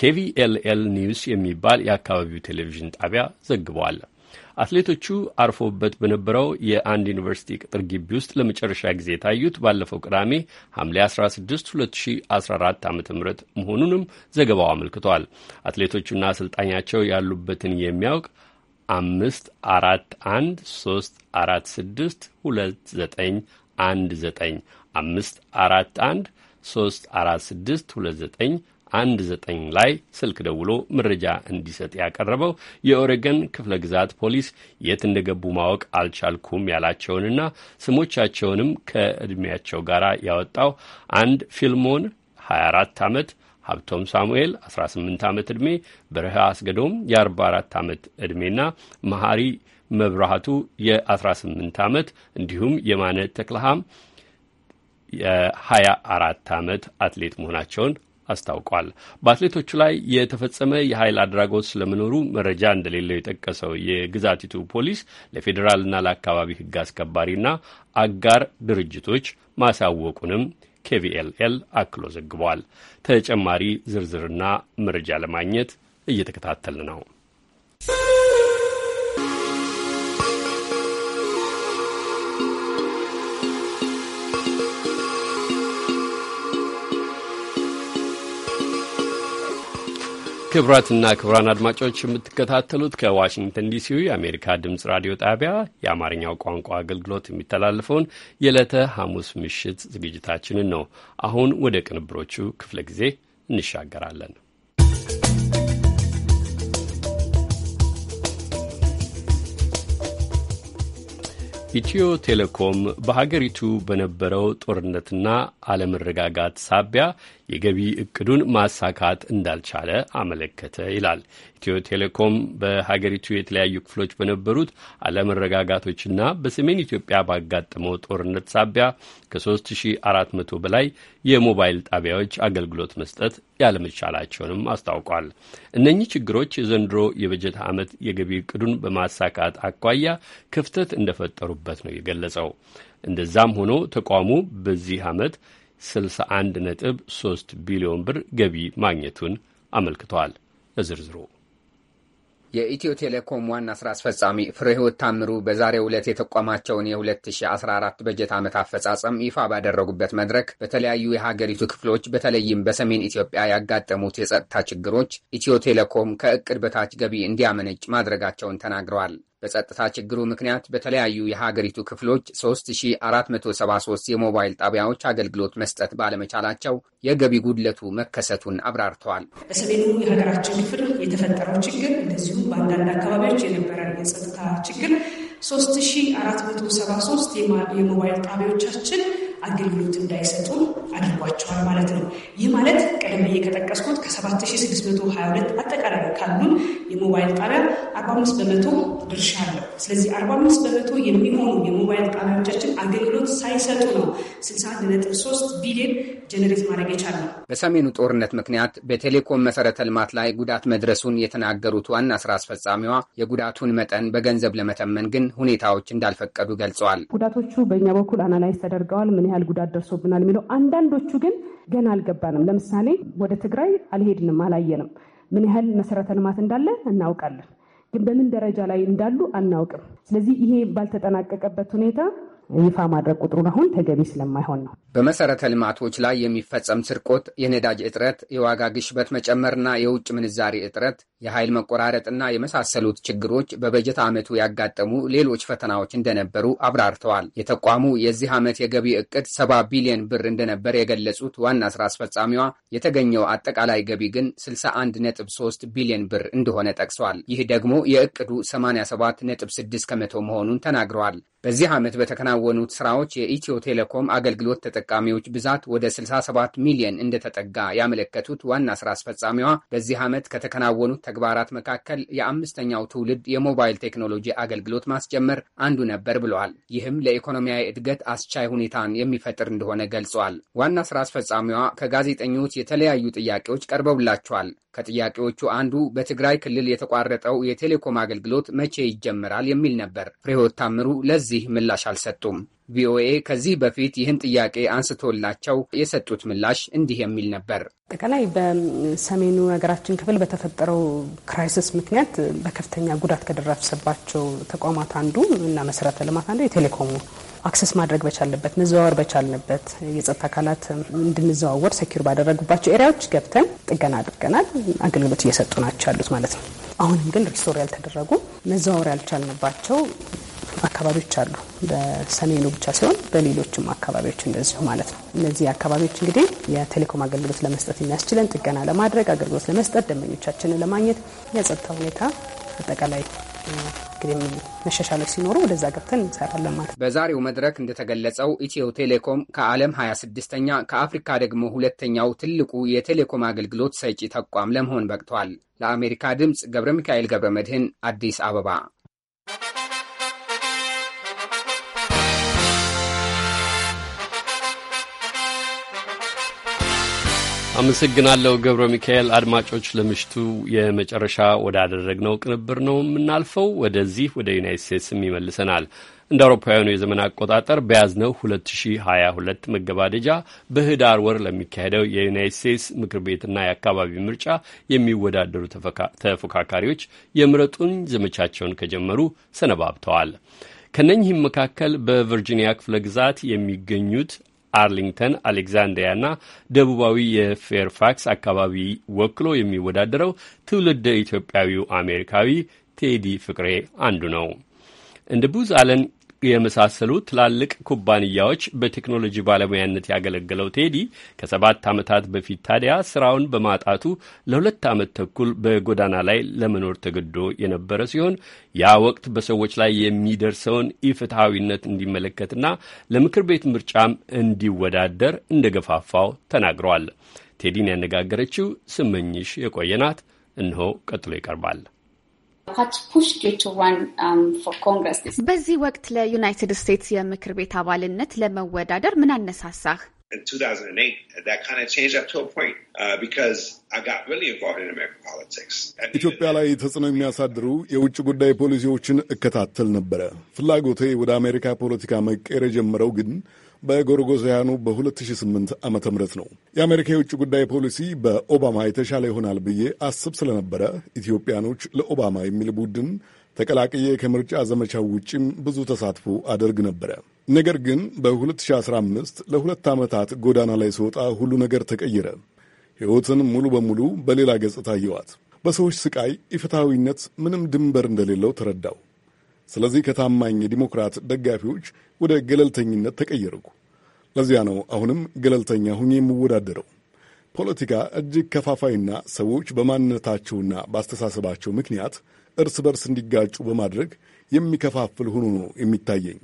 ኬቪኤልኤል ኒውስ የሚባል የአካባቢው ቴሌቪዥን ጣቢያ ዘግቧል። አትሌቶቹ አርፎበት በነበረው የአንድ ዩኒቨርሲቲ ቅጥር ግቢ ውስጥ ለመጨረሻ ጊዜ የታዩት ባለፈው ቅዳሜ ሐምሌ 16 2014 ዓ ም መሆኑንም ዘገባው አመልክቷል። አትሌቶቹና አሰልጣኛቸው ያሉበትን የሚያውቅ አምስት አራት አንድ ሶስት አራት ስድስት ሁለት ዘጠኝ አንድ ዘጠኝ አምስት አራት አንድ ሶስት አራት ስድስት ሁለት ዘጠኝ አንድ ዘጠኝ ላይ ስልክ ደውሎ መረጃ እንዲሰጥ ያቀረበው የኦሬገን ክፍለ ግዛት ፖሊስ የት እንደገቡ ማወቅ አልቻልኩም ያላቸውንና ስሞቻቸውንም ከዕድሜያቸው ጋር ያወጣው አንድ ፊልሞን 24 ዓመት ሀብቶም ሳሙኤል 18 ዓመት ዕድሜ፣ በረሃ አስገዶም የ44 ዓመት ዕድሜና መሐሪ መብራቱ የ18 ዓመት እንዲሁም የማነ ተክልሃም የ24 ዓመት አትሌት መሆናቸውን አስታውቋል። በአትሌቶቹ ላይ የተፈጸመ የኃይል አድራጎት ስለመኖሩ መረጃ እንደሌለው የጠቀሰው የግዛቲቱ ፖሊስ ለፌዴራልና ለአካባቢ ሕግ አስከባሪና አጋር ድርጅቶች ማሳወቁንም ኬቪኤልኤል አክሎ ዘግቧል። ተጨማሪ ዝርዝርና መረጃ ለማግኘት እየተከታተል ነው። ክቡራትና ክቡራን አድማጮች የምትከታተሉት ከዋሽንግተን ዲሲው የአሜሪካ ድምፅ ራዲዮ ጣቢያ የአማርኛው ቋንቋ አገልግሎት የሚተላለፈውን የዕለተ ሐሙስ ምሽት ዝግጅታችንን ነው። አሁን ወደ ቅንብሮቹ ክፍለ ጊዜ እንሻገራለን። ኢትዮ ቴሌኮም በሀገሪቱ በነበረው ጦርነትና አለመረጋጋት ሳቢያ የገቢ እቅዱን ማሳካት እንዳልቻለ አመለከተ ይላል። ኢትዮ ቴሌኮም በሀገሪቱ የተለያዩ ክፍሎች በነበሩት አለመረጋጋቶችና በሰሜን ኢትዮጵያ ባጋጠመው ጦርነት ሳቢያ ከ3400 በላይ የሞባይል ጣቢያዎች አገልግሎት መስጠት ያለመቻላቸውንም አስታውቋል። እነኚህ ችግሮች የዘንድሮ የበጀት ዓመት የገቢ እቅዱን በማሳካት አኳያ ክፍተት እንደፈጠሩበት ነው የገለጸው። እንደዛም ሆኖ ተቋሙ በዚህ ዓመት 61 3 ቢሊዮን ብር ገቢ ማግኘቱን አመልክቷል። ለዝርዝሩ የኢትዮ ቴሌኮም ዋና ስራ አስፈጻሚ ፍሬህይወት ታምሩ በዛሬው ዕለት የተቋማቸውን የ2014 በጀት ዓመት አፈጻጸም ይፋ ባደረጉበት መድረክ በተለያዩ የሀገሪቱ ክፍሎች በተለይም በሰሜን ኢትዮጵያ ያጋጠሙት የጸጥታ ችግሮች ኢትዮ ቴሌኮም ከእቅድ በታች ገቢ እንዲያመነጭ ማድረጋቸውን ተናግረዋል። በጸጥታ ችግሩ ምክንያት በተለያዩ የሀገሪቱ ክፍሎች 3473 የሞባይል ጣቢያዎች አገልግሎት መስጠት ባለመቻላቸው የገቢ ጉድለቱ መከሰቱን አብራርተዋል። በሰሜኑ የሀገራችን ክፍል የተፈጠረው ችግር እንደዚሁም በአንዳንድ አካባቢዎች የነበረ የጸጥታ ችግር 3473 የሞባይል ጣቢያዎቻችን አገልግሎት እንዳይሰጡ አድርጓቸዋል ማለት ነው። ይህ ማለት ቀደም ብዬ ከጠቀስኩት ከ7622 አጠቃላይ ካሉን የሞባይል ጣቢያ 45 በመቶ ድርሻ አለው። ስለዚህ 45 በመቶ የሚሆኑ የሞባይል ጣቢያዎቻችን አገልግሎት ሳይሰጡ ነው 61.3 ቢሊዮን ጀነሬት ማድረግ የቻለ። በሰሜኑ ጦርነት ምክንያት በቴሌኮም መሰረተ ልማት ላይ ጉዳት መድረሱን የተናገሩት ዋና ስራ አስፈጻሚዋ የጉዳቱን መጠን በገንዘብ ለመተመን ግን ሁኔታዎች እንዳልፈቀዱ ገልጸዋል። ጉዳቶቹ በእኛ በኩል አናላይዝ ተደርገዋል ምን ያህል ጉዳት ደርሶብናል የሚለው አንዳንዶቹ ግን ገና አልገባንም። ለምሳሌ ወደ ትግራይ አልሄድንም፣ አላየንም። ምን ያህል መሰረተ ልማት እንዳለ እናውቃለን፣ ግን በምን ደረጃ ላይ እንዳሉ አናውቅም። ስለዚህ ይሄ ባልተጠናቀቀበት ሁኔታ ይፋ ማድረግ ቁጥሩን አሁን ተገቢ ስለማይሆን ነው። በመሰረተ ልማቶች ላይ የሚፈጸም ስርቆት፣ የነዳጅ እጥረት፣ የዋጋ ግሽበት መጨመርና የውጭ ምንዛሪ እጥረት፣ የኃይል መቆራረጥና የመሳሰሉት ችግሮች በበጀት ዓመቱ ያጋጠሙ ሌሎች ፈተናዎች እንደነበሩ አብራርተዋል። የተቋሙ የዚህ ዓመት የገቢ ዕቅድ ሰባ ቢሊዮን ብር እንደነበር የገለጹት ዋና ስራ አስፈጻሚዋ የተገኘው አጠቃላይ ገቢ ግን 61.3 ቢሊዮን ብር እንደሆነ ጠቅሰዋል። ይህ ደግሞ የዕቅዱ 87.6 ከመቶ መሆኑን ተናግረዋል። በዚህ ዓመት በተከና በተከናወኑት ስራዎች የኢትዮ ቴሌኮም አገልግሎት ተጠቃሚዎች ብዛት ወደ 67 ሚሊዮን እንደተጠጋ ያመለከቱት ዋና ስራ አስፈጻሚዋ በዚህ ዓመት ከተከናወኑት ተግባራት መካከል የአምስተኛው ትውልድ የሞባይል ቴክኖሎጂ አገልግሎት ማስጀመር አንዱ ነበር ብለዋል። ይህም ለኢኮኖሚያዊ እድገት አስቻይ ሁኔታን የሚፈጥር እንደሆነ ገልጿል። ዋና ስራ አስፈጻሚዋ ከጋዜጠኞች የተለያዩ ጥያቄዎች ቀርበውላቸዋል። ከጥያቄዎቹ አንዱ በትግራይ ክልል የተቋረጠው የቴሌኮም አገልግሎት መቼ ይጀምራል የሚል ነበር። ፍሬሕይወት ታምሩ ለዚህ ምላሽ አልሰጡም። ቪኦኤ ከዚህ በፊት ይህን ጥያቄ አንስቶላቸው የሰጡት ምላሽ እንዲህ የሚል ነበር። አጠቃላይ በሰሜኑ ሀገራችን ክፍል በተፈጠረው ክራይሲስ ምክንያት በከፍተኛ ጉዳት ከደረሰባቸው ተቋማት አንዱ እና መሰረተ ልማት አንዱ የቴሌኮሙ አክሰስ ማድረግ በቻልንበት መዘዋወር በቻልንበት የጸጥታ አካላት እንድንዘዋወር ሰኪር ባደረጉባቸው ኤሪያዎች ገብተን ጥገና አድርገናል። አገልግሎት እየሰጡ ናቸው ያሉት ማለት ነው። አሁንም ግን ሪስቶር ያልተደረጉ መዘዋወር ያልቻልንባቸው አካባቢዎች አሉ። በሰሜኑ ብቻ ሲሆን በሌሎችም አካባቢዎች እንደዚሁ ማለት ነው። እነዚህ አካባቢዎች እንግዲህ የቴሌኮም አገልግሎት ለመስጠት የሚያስችለን ጥገና ለማድረግ አገልግሎት ለመስጠት ደንበኞቻችንን ለማግኘት የጸጥታ ሁኔታ አጠቃላይ እንግዲህ መሻሻሎች ሲኖሩ ወደዛ ገብተን እንሰራለን ማለት ነው። በዛሬው መድረክ እንደተገለጸው ኢትዮ ቴሌኮም ከዓለም 26ኛ ከአፍሪካ ደግሞ ሁለተኛው ትልቁ የቴሌኮም አገልግሎት ሰጪ ተቋም ለመሆን በቅቷል። ለአሜሪካ ድምፅ ገብረ ሚካኤል ገብረ መድህን አዲስ አበባ አመሰግናለሁ ገብረ ሚካኤል። አድማጮች ለምሽቱ የመጨረሻ ወዳደረግነው ቅንብር ነው የምናልፈው። ወደዚህ ወደ ዩናይት ስቴትስም ይመልሰናል። እንደ አውሮፓውያኑ የዘመን አቆጣጠር በያዝነው 2022 መገባደጃ በህዳር ወር ለሚካሄደው የዩናይት ስቴትስ ምክር ቤትና የአካባቢ ምርጫ የሚወዳደሩ ተፎካካሪዎች የምረጡን ዘመቻቸውን ከጀመሩ ሰነባብተዋል። ከነኚህም መካከል በቨርጂኒያ ክፍለ ግዛት የሚገኙት አርሊንግተን አሌግዛንድሪያና ደቡባዊ የፌርፋክስ አካባቢ ወክሎ የሚወዳደረው ትውልደ ኢትዮጵያዊው አሜሪካዊ ቴዲ ፍቅሬ አንዱ ነው። እንደ ቡዝ አለን የመሳሰሉ ትላልቅ ኩባንያዎች በቴክኖሎጂ ባለሙያነት ያገለገለው ቴዲ ከሰባት ዓመታት በፊት ታዲያ ስራውን በማጣቱ ለሁለት ዓመት ተኩል በጎዳና ላይ ለመኖር ተገዶ የነበረ ሲሆን ያ ወቅት በሰዎች ላይ የሚደርሰውን ኢፍትሐዊነት እንዲመለከትና ለምክር ቤት ምርጫም እንዲወዳደር እንደ ገፋፋው ተናግረዋል። ቴዲን ያነጋገረችው ስመኝሽ የቆየናት እንሆ ቀጥሎ ይቀርባል። Um, በዚህ ወቅት ለዩናይትድ ስቴትስ የምክር ቤት አባልነት ለመወዳደር ምን አነሳሳህ? Uh, ኢትዮጵያ ላይ ተጽዕኖ የሚያሳድሩ የውጭ ጉዳይ ፖሊሲዎችን እከታተል ነበረ። ፍላጎቴ ወደ አሜሪካ ፖለቲካ መቀየር የጀመረው ግን በጎርጎዛያኑ በ2008 ዓ ም ነው። የአሜሪካ የውጭ ጉዳይ ፖሊሲ በኦባማ የተሻለ ይሆናል ብዬ አስብ ስለነበረ ኢትዮጵያኖች ለኦባማ የሚል ቡድን ተቀላቅዬ ከምርጫ ዘመቻው ውጭም ብዙ ተሳትፎ አደርግ ነበረ። ነገር ግን በ2015 ለሁለት ዓመታት ጎዳና ላይ ስወጣ ሁሉ ነገር ተቀየረ። ሕይወትን ሙሉ በሙሉ በሌላ ገጽታ አየዋት። በሰዎች ስቃይ ኢፍትሐዊነት ምንም ድንበር እንደሌለው ተረዳው። ስለዚህ ከታማኝ የዲሞክራት ደጋፊዎች ወደ ገለልተኝነት ተቀየርኩ። ለዚያ ነው አሁንም ገለልተኛ ሁኜ የምወዳደረው። ፖለቲካ እጅግ ከፋፋይና ሰዎች በማንነታቸውና በአስተሳሰባቸው ምክንያት እርስ በርስ እንዲጋጩ በማድረግ የሚከፋፍል ሆኖ ነው የሚታየኝ።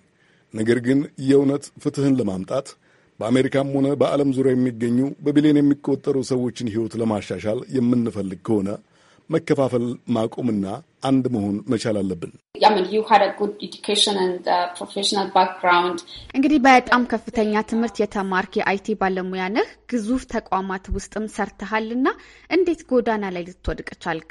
ነገር ግን የእውነት ፍትህን ለማምጣት በአሜሪካም ሆነ በዓለም ዙሪያ የሚገኙ በቢሊዮን የሚቆጠሩ ሰዎችን ሕይወት ለማሻሻል የምንፈልግ ከሆነ መከፋፈል ማቆምና አንድ መሆን መቻል አለብን። uh, እንግዲህ በጣም ከፍተኛ ትምህርት የተማርክ የአይቲ ባለሙያ ነህ። ግዙፍ ተቋማት ውስጥም ሰርተሃል እና እንዴት ጎዳና ላይ ልትወድቅ ቻልክ?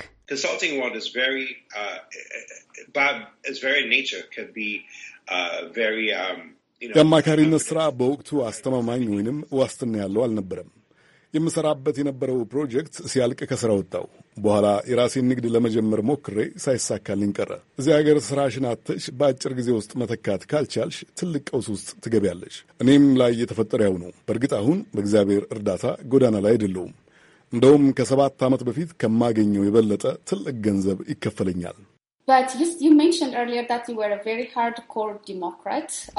የአማካሪነት ስራ በወቅቱ አስተማማኝ ወይንም ዋስትና ያለው አልነበረም። የምሰራበት የነበረው ፕሮጀክት ሲያልቅ ከስራ ወጣው። በኋላ የራሴን ንግድ ለመጀመር ሞክሬ ሳይሳካልኝ ቀረ። እዚህ ሀገር ስራሽን አተሽ በአጭር ጊዜ ውስጥ መተካት ካልቻልሽ ትልቅ ቀውስ ውስጥ ትገቢያለሽ። እኔም ላይ የተፈጠረ ያው ነው። በእርግጥ አሁን በእግዚአብሔር እርዳታ ጎዳና ላይ አይደለውም። እንደውም ከሰባት ዓመት በፊት ከማገኘው የበለጠ ትልቅ ገንዘብ ይከፈለኛል።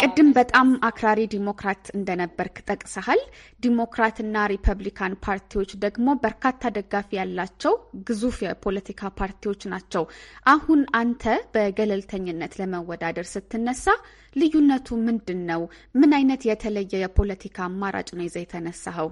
ቅድም በጣም አክራሪ ዲሞክራት እንደነበርክ ጠቅሰሃል። ዲሞክራትና ሪፐብሊካን ፓርቲዎች ደግሞ በርካታ ደጋፊ ያላቸው ግዙፍ የፖለቲካ ፓርቲዎች ናቸው። አሁን አንተ በገለልተኝነት ለመወዳደር ስትነሳ ልዩነቱ ምንድን ነው? ምን አይነት የተለየ የፖለቲካ አማራጭ ነው ይዘህ የተነሳኸው?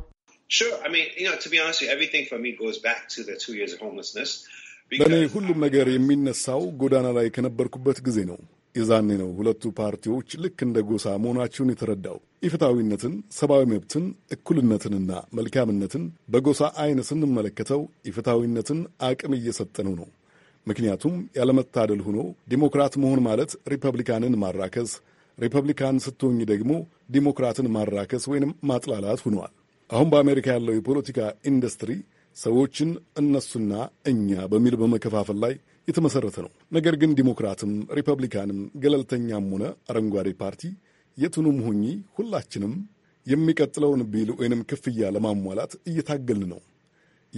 ለእኔ ሁሉም ነገር የሚነሳው ጎዳና ላይ ከነበርኩበት ጊዜ ነው። የዛኔ ነው ሁለቱ ፓርቲዎች ልክ እንደ ጎሳ መሆናቸውን የተረዳው። ኢፍታዊነትን፣ ሰብአዊ መብትን፣ እኩልነትንና መልካምነትን በጎሳ አይን ስንመለከተው ኢፍታዊነትን አቅም እየሰጠነው ነው። ምክንያቱም ያለመታደል ሆኖ ዲሞክራት መሆን ማለት ሪፐብሊካንን ማራከስ፣ ሪፐብሊካን ስትሆኝ ደግሞ ዲሞክራትን ማራከስ ወይንም ማጥላላት ሆኗል። አሁን በአሜሪካ ያለው የፖለቲካ ኢንዱስትሪ ሰዎችን እነሱና እኛ በሚል በመከፋፈል ላይ የተመሠረተ ነው። ነገር ግን ዲሞክራትም ሪፐብሊካንም ገለልተኛም ሆነ አረንጓዴ ፓርቲ የቱንም ሁኚ ሁላችንም የሚቀጥለውን ቢል ወይንም ክፍያ ለማሟላት እየታገልን ነው።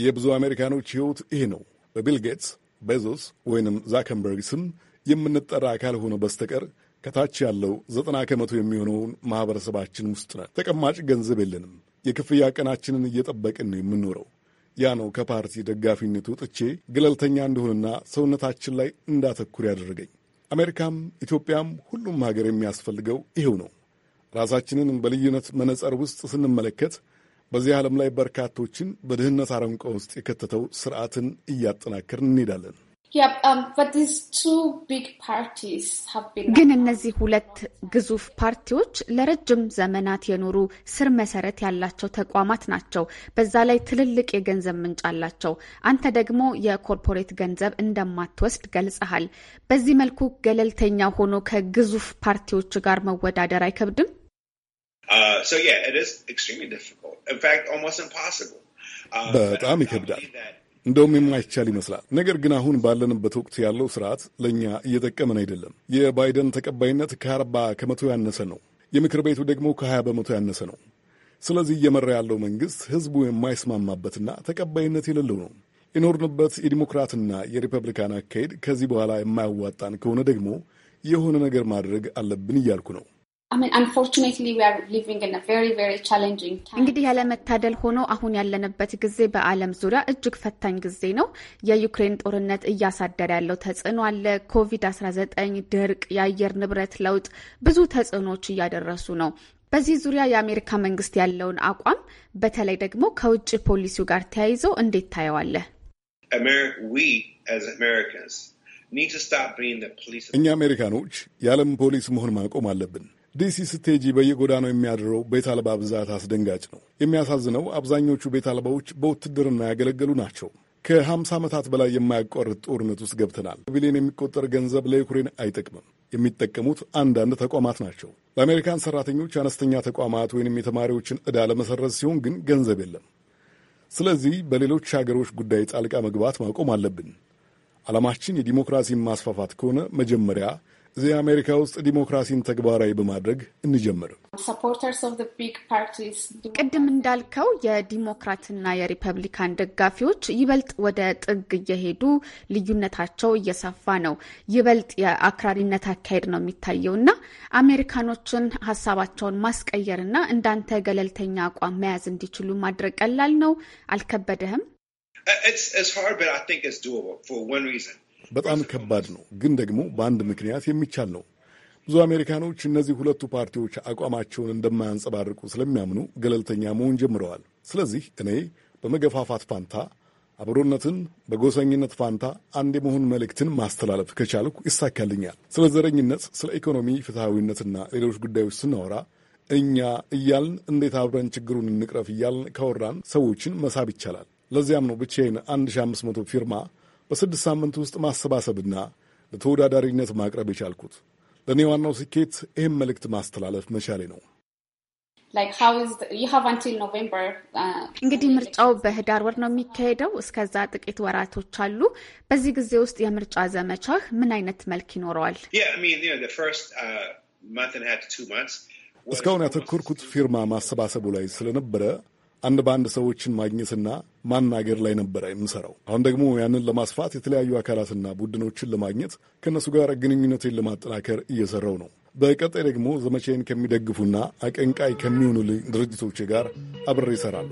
የብዙ አሜሪካኖች ሕይወት ይሄ ነው። በቢል ጌትስ፣ ቤዞስ ወይንም ዛከንበርግ ስም የምንጠራ ካልሆነ በስተቀር ከታች ያለው ዘጠና ከመቶ የሚሆነውን ማኅበረሰባችን ውስጥ ነን። ተቀማጭ ገንዘብ የለንም። የክፍያ ቀናችንን እየጠበቅን ነው የምንኖረው። ያ ነው ከፓርቲ ደጋፊነቱ ጥቼ ገለልተኛ እንደሆንና ሰውነታችን ላይ እንዳተኩር ያደረገኝ። አሜሪካም ኢትዮጵያም ሁሉም ሀገር የሚያስፈልገው ይሄው ነው። ራሳችንን በልዩነት መነጸር ውስጥ ስንመለከት በዚህ ዓለም ላይ በርካቶችን በድህነት አረንቋ ውስጥ የከተተው ስርዓትን እያጠናከርን እንሄዳለን። Um, ግን እነዚህ ሁለት ግዙፍ ፓርቲዎች ለረጅም ዘመናት የኖሩ ስር መሰረት ያላቸው ተቋማት ናቸው። በዛ ላይ ትልልቅ የገንዘብ ምንጭ አላቸው። አንተ ደግሞ የኮርፖሬት ገንዘብ እንደማትወስድ ገልጸሃል። በዚህ መልኩ ገለልተኛ ሆኖ ከግዙፍ ፓርቲዎች ጋር መወዳደር አይከብድም? Uh, uh, በጣም ይከብዳል። እንደውም የማይቻል ይመስላል። ነገር ግን አሁን ባለንበት ወቅት ያለው ስርዓት ለእኛ እየጠቀመን አይደለም። የባይደን ተቀባይነት ከአርባ ከመቶ ያነሰ ነው። የምክር ቤቱ ደግሞ ከሀያ በመቶ ያነሰ ነው። ስለዚህ እየመራ ያለው መንግሥት ሕዝቡ የማይስማማበትና ተቀባይነት የሌለው ነው። የኖርንበት የዲሞክራትና የሪፐብሊካን አካሄድ ከዚህ በኋላ የማያዋጣን ከሆነ ደግሞ የሆነ ነገር ማድረግ አለብን እያልኩ ነው። እንግዲህ ያለመታደል ሆኖ አሁን ያለንበት ጊዜ በዓለም ዙሪያ እጅግ ፈታኝ ጊዜ ነው። የዩክሬን ጦርነት እያሳደረ ያለው ተጽዕኖ አለ። ኮቪድ-19፣ ድርቅ፣ የአየር ንብረት ለውጥ ብዙ ተጽዕኖዎች እያደረሱ ነው። በዚህ ዙሪያ የአሜሪካ መንግስት ያለውን አቋም በተለይ ደግሞ ከውጭ ፖሊሲው ጋር ተያይዞ እንዴት ታየዋለህ? እኛ አሜሪካኖች የዓለም ፖሊስ መሆን ማቆም አለብን። ዲሲ ስቴጂ በየጎዳናው የሚያድረው ቤት አልባ ብዛት አስደንጋጭ ነው። የሚያሳዝነው አብዛኞቹ ቤት አልባዎች በውትድርና ያገለገሉ ናቸው። ከ50 ዓመታት በላይ የማያቋርጥ ጦርነት ውስጥ ገብተናል። ቢሊዮን የሚቆጠር ገንዘብ ለዩክሬን አይጠቅምም። የሚጠቀሙት አንዳንድ ተቋማት ናቸው። ለአሜሪካን ሰራተኞች አነስተኛ ተቋማት ወይንም የተማሪዎችን ዕዳ ለመሰረዝ ሲሆን ግን ገንዘብ የለም። ስለዚህ በሌሎች ሀገሮች ጉዳይ ጣልቃ መግባት ማቆም አለብን። ዓላማችን የዲሞክራሲን ማስፋፋት ከሆነ መጀመሪያ እዚህ አሜሪካ ውስጥ ዲሞክራሲን ተግባራዊ በማድረግ እንጀምር። ቅድም እንዳልከው የዲሞክራትና የሪፐብሊካን ደጋፊዎች ይበልጥ ወደ ጥግ እየሄዱ ልዩነታቸው እየሰፋ ነው። ይበልጥ የአክራሪነት አካሄድ ነው የሚታየው እና አሜሪካኖችን ሀሳባቸውን ማስቀየርና እንዳንተ ገለልተኛ አቋም መያዝ እንዲችሉ ማድረግ ቀላል ነው። አልከበደህም? በጣም ከባድ ነው፣ ግን ደግሞ በአንድ ምክንያት የሚቻል ነው። ብዙ አሜሪካኖች እነዚህ ሁለቱ ፓርቲዎች አቋማቸውን እንደማያንጸባርቁ ስለሚያምኑ ገለልተኛ መሆን ጀምረዋል። ስለዚህ እኔ በመገፋፋት ፋንታ አብሮነትን በጎሰኝነት ፋንታ አንድ የመሆን መልእክትን ማስተላለፍ ከቻልኩ ይሳካልኛል። ስለ ዘረኝነት፣ ስለ ኢኮኖሚ ፍትሐዊነትና ሌሎች ጉዳዮች ስናወራ እኛ እያልን እንዴት አብረን ችግሩን እንቅረፍ እያልን ካወራን ሰዎችን መሳብ ይቻላል። ለዚያም ነው ብቻዬን 1500 ፊርማ በስድስት ሳምንት ውስጥ ማሰባሰብና ለተወዳዳሪነት ማቅረብ የቻልኩት ለእኔ ዋናው ስኬት ይህም መልእክት ማስተላለፍ መቻሌ ነው። uh, እንግዲህ ምርጫው በህዳር ወር ነው የሚካሄደው። እስከዛ ጥቂት ወራቶች አሉ። በዚህ ጊዜ ውስጥ የምርጫ ዘመቻህ ምን አይነት መልክ ይኖረዋል? Uh, እስካሁን ያተኮርኩት ፊርማ ማሰባሰቡ ላይ ስለነበረ አንድ በአንድ ሰዎችን ማግኘትና ማናገር ላይ ነበረ የምሰራው። አሁን ደግሞ ያንን ለማስፋት የተለያዩ አካላትና ቡድኖችን ለማግኘት ከእነሱ ጋር ግንኙነቴን ለማጠናከር እየሰራው ነው። በቀጣይ ደግሞ ዘመቻዬን ከሚደግፉና አቀንቃይ ከሚሆኑ ድርጅቶች ጋር አብሬ ይሰራሉ።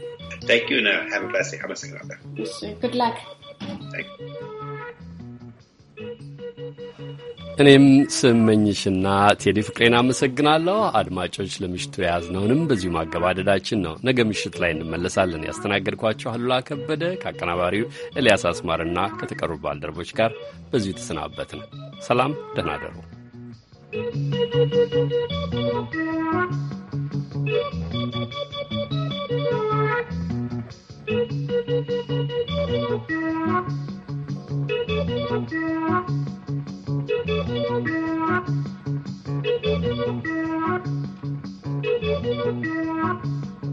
እኔም ስመኝሽና ቴዲ ፍቅሬን አመሰግናለሁ። አድማጮች ለምሽቱ የያዝነውንም በዚሁ ማገባደዳችን ነው። ነገ ምሽት ላይ እንመለሳለን። ያስተናገድኳቸው አሉላ ከበደ ከአቀናባሪው ኤልያስ አስማርና ከተቀሩ ባልደረቦች ጋር በዚሁ ተሰናበትን። ሰላም፣ ደህና ደሩ። Thank you.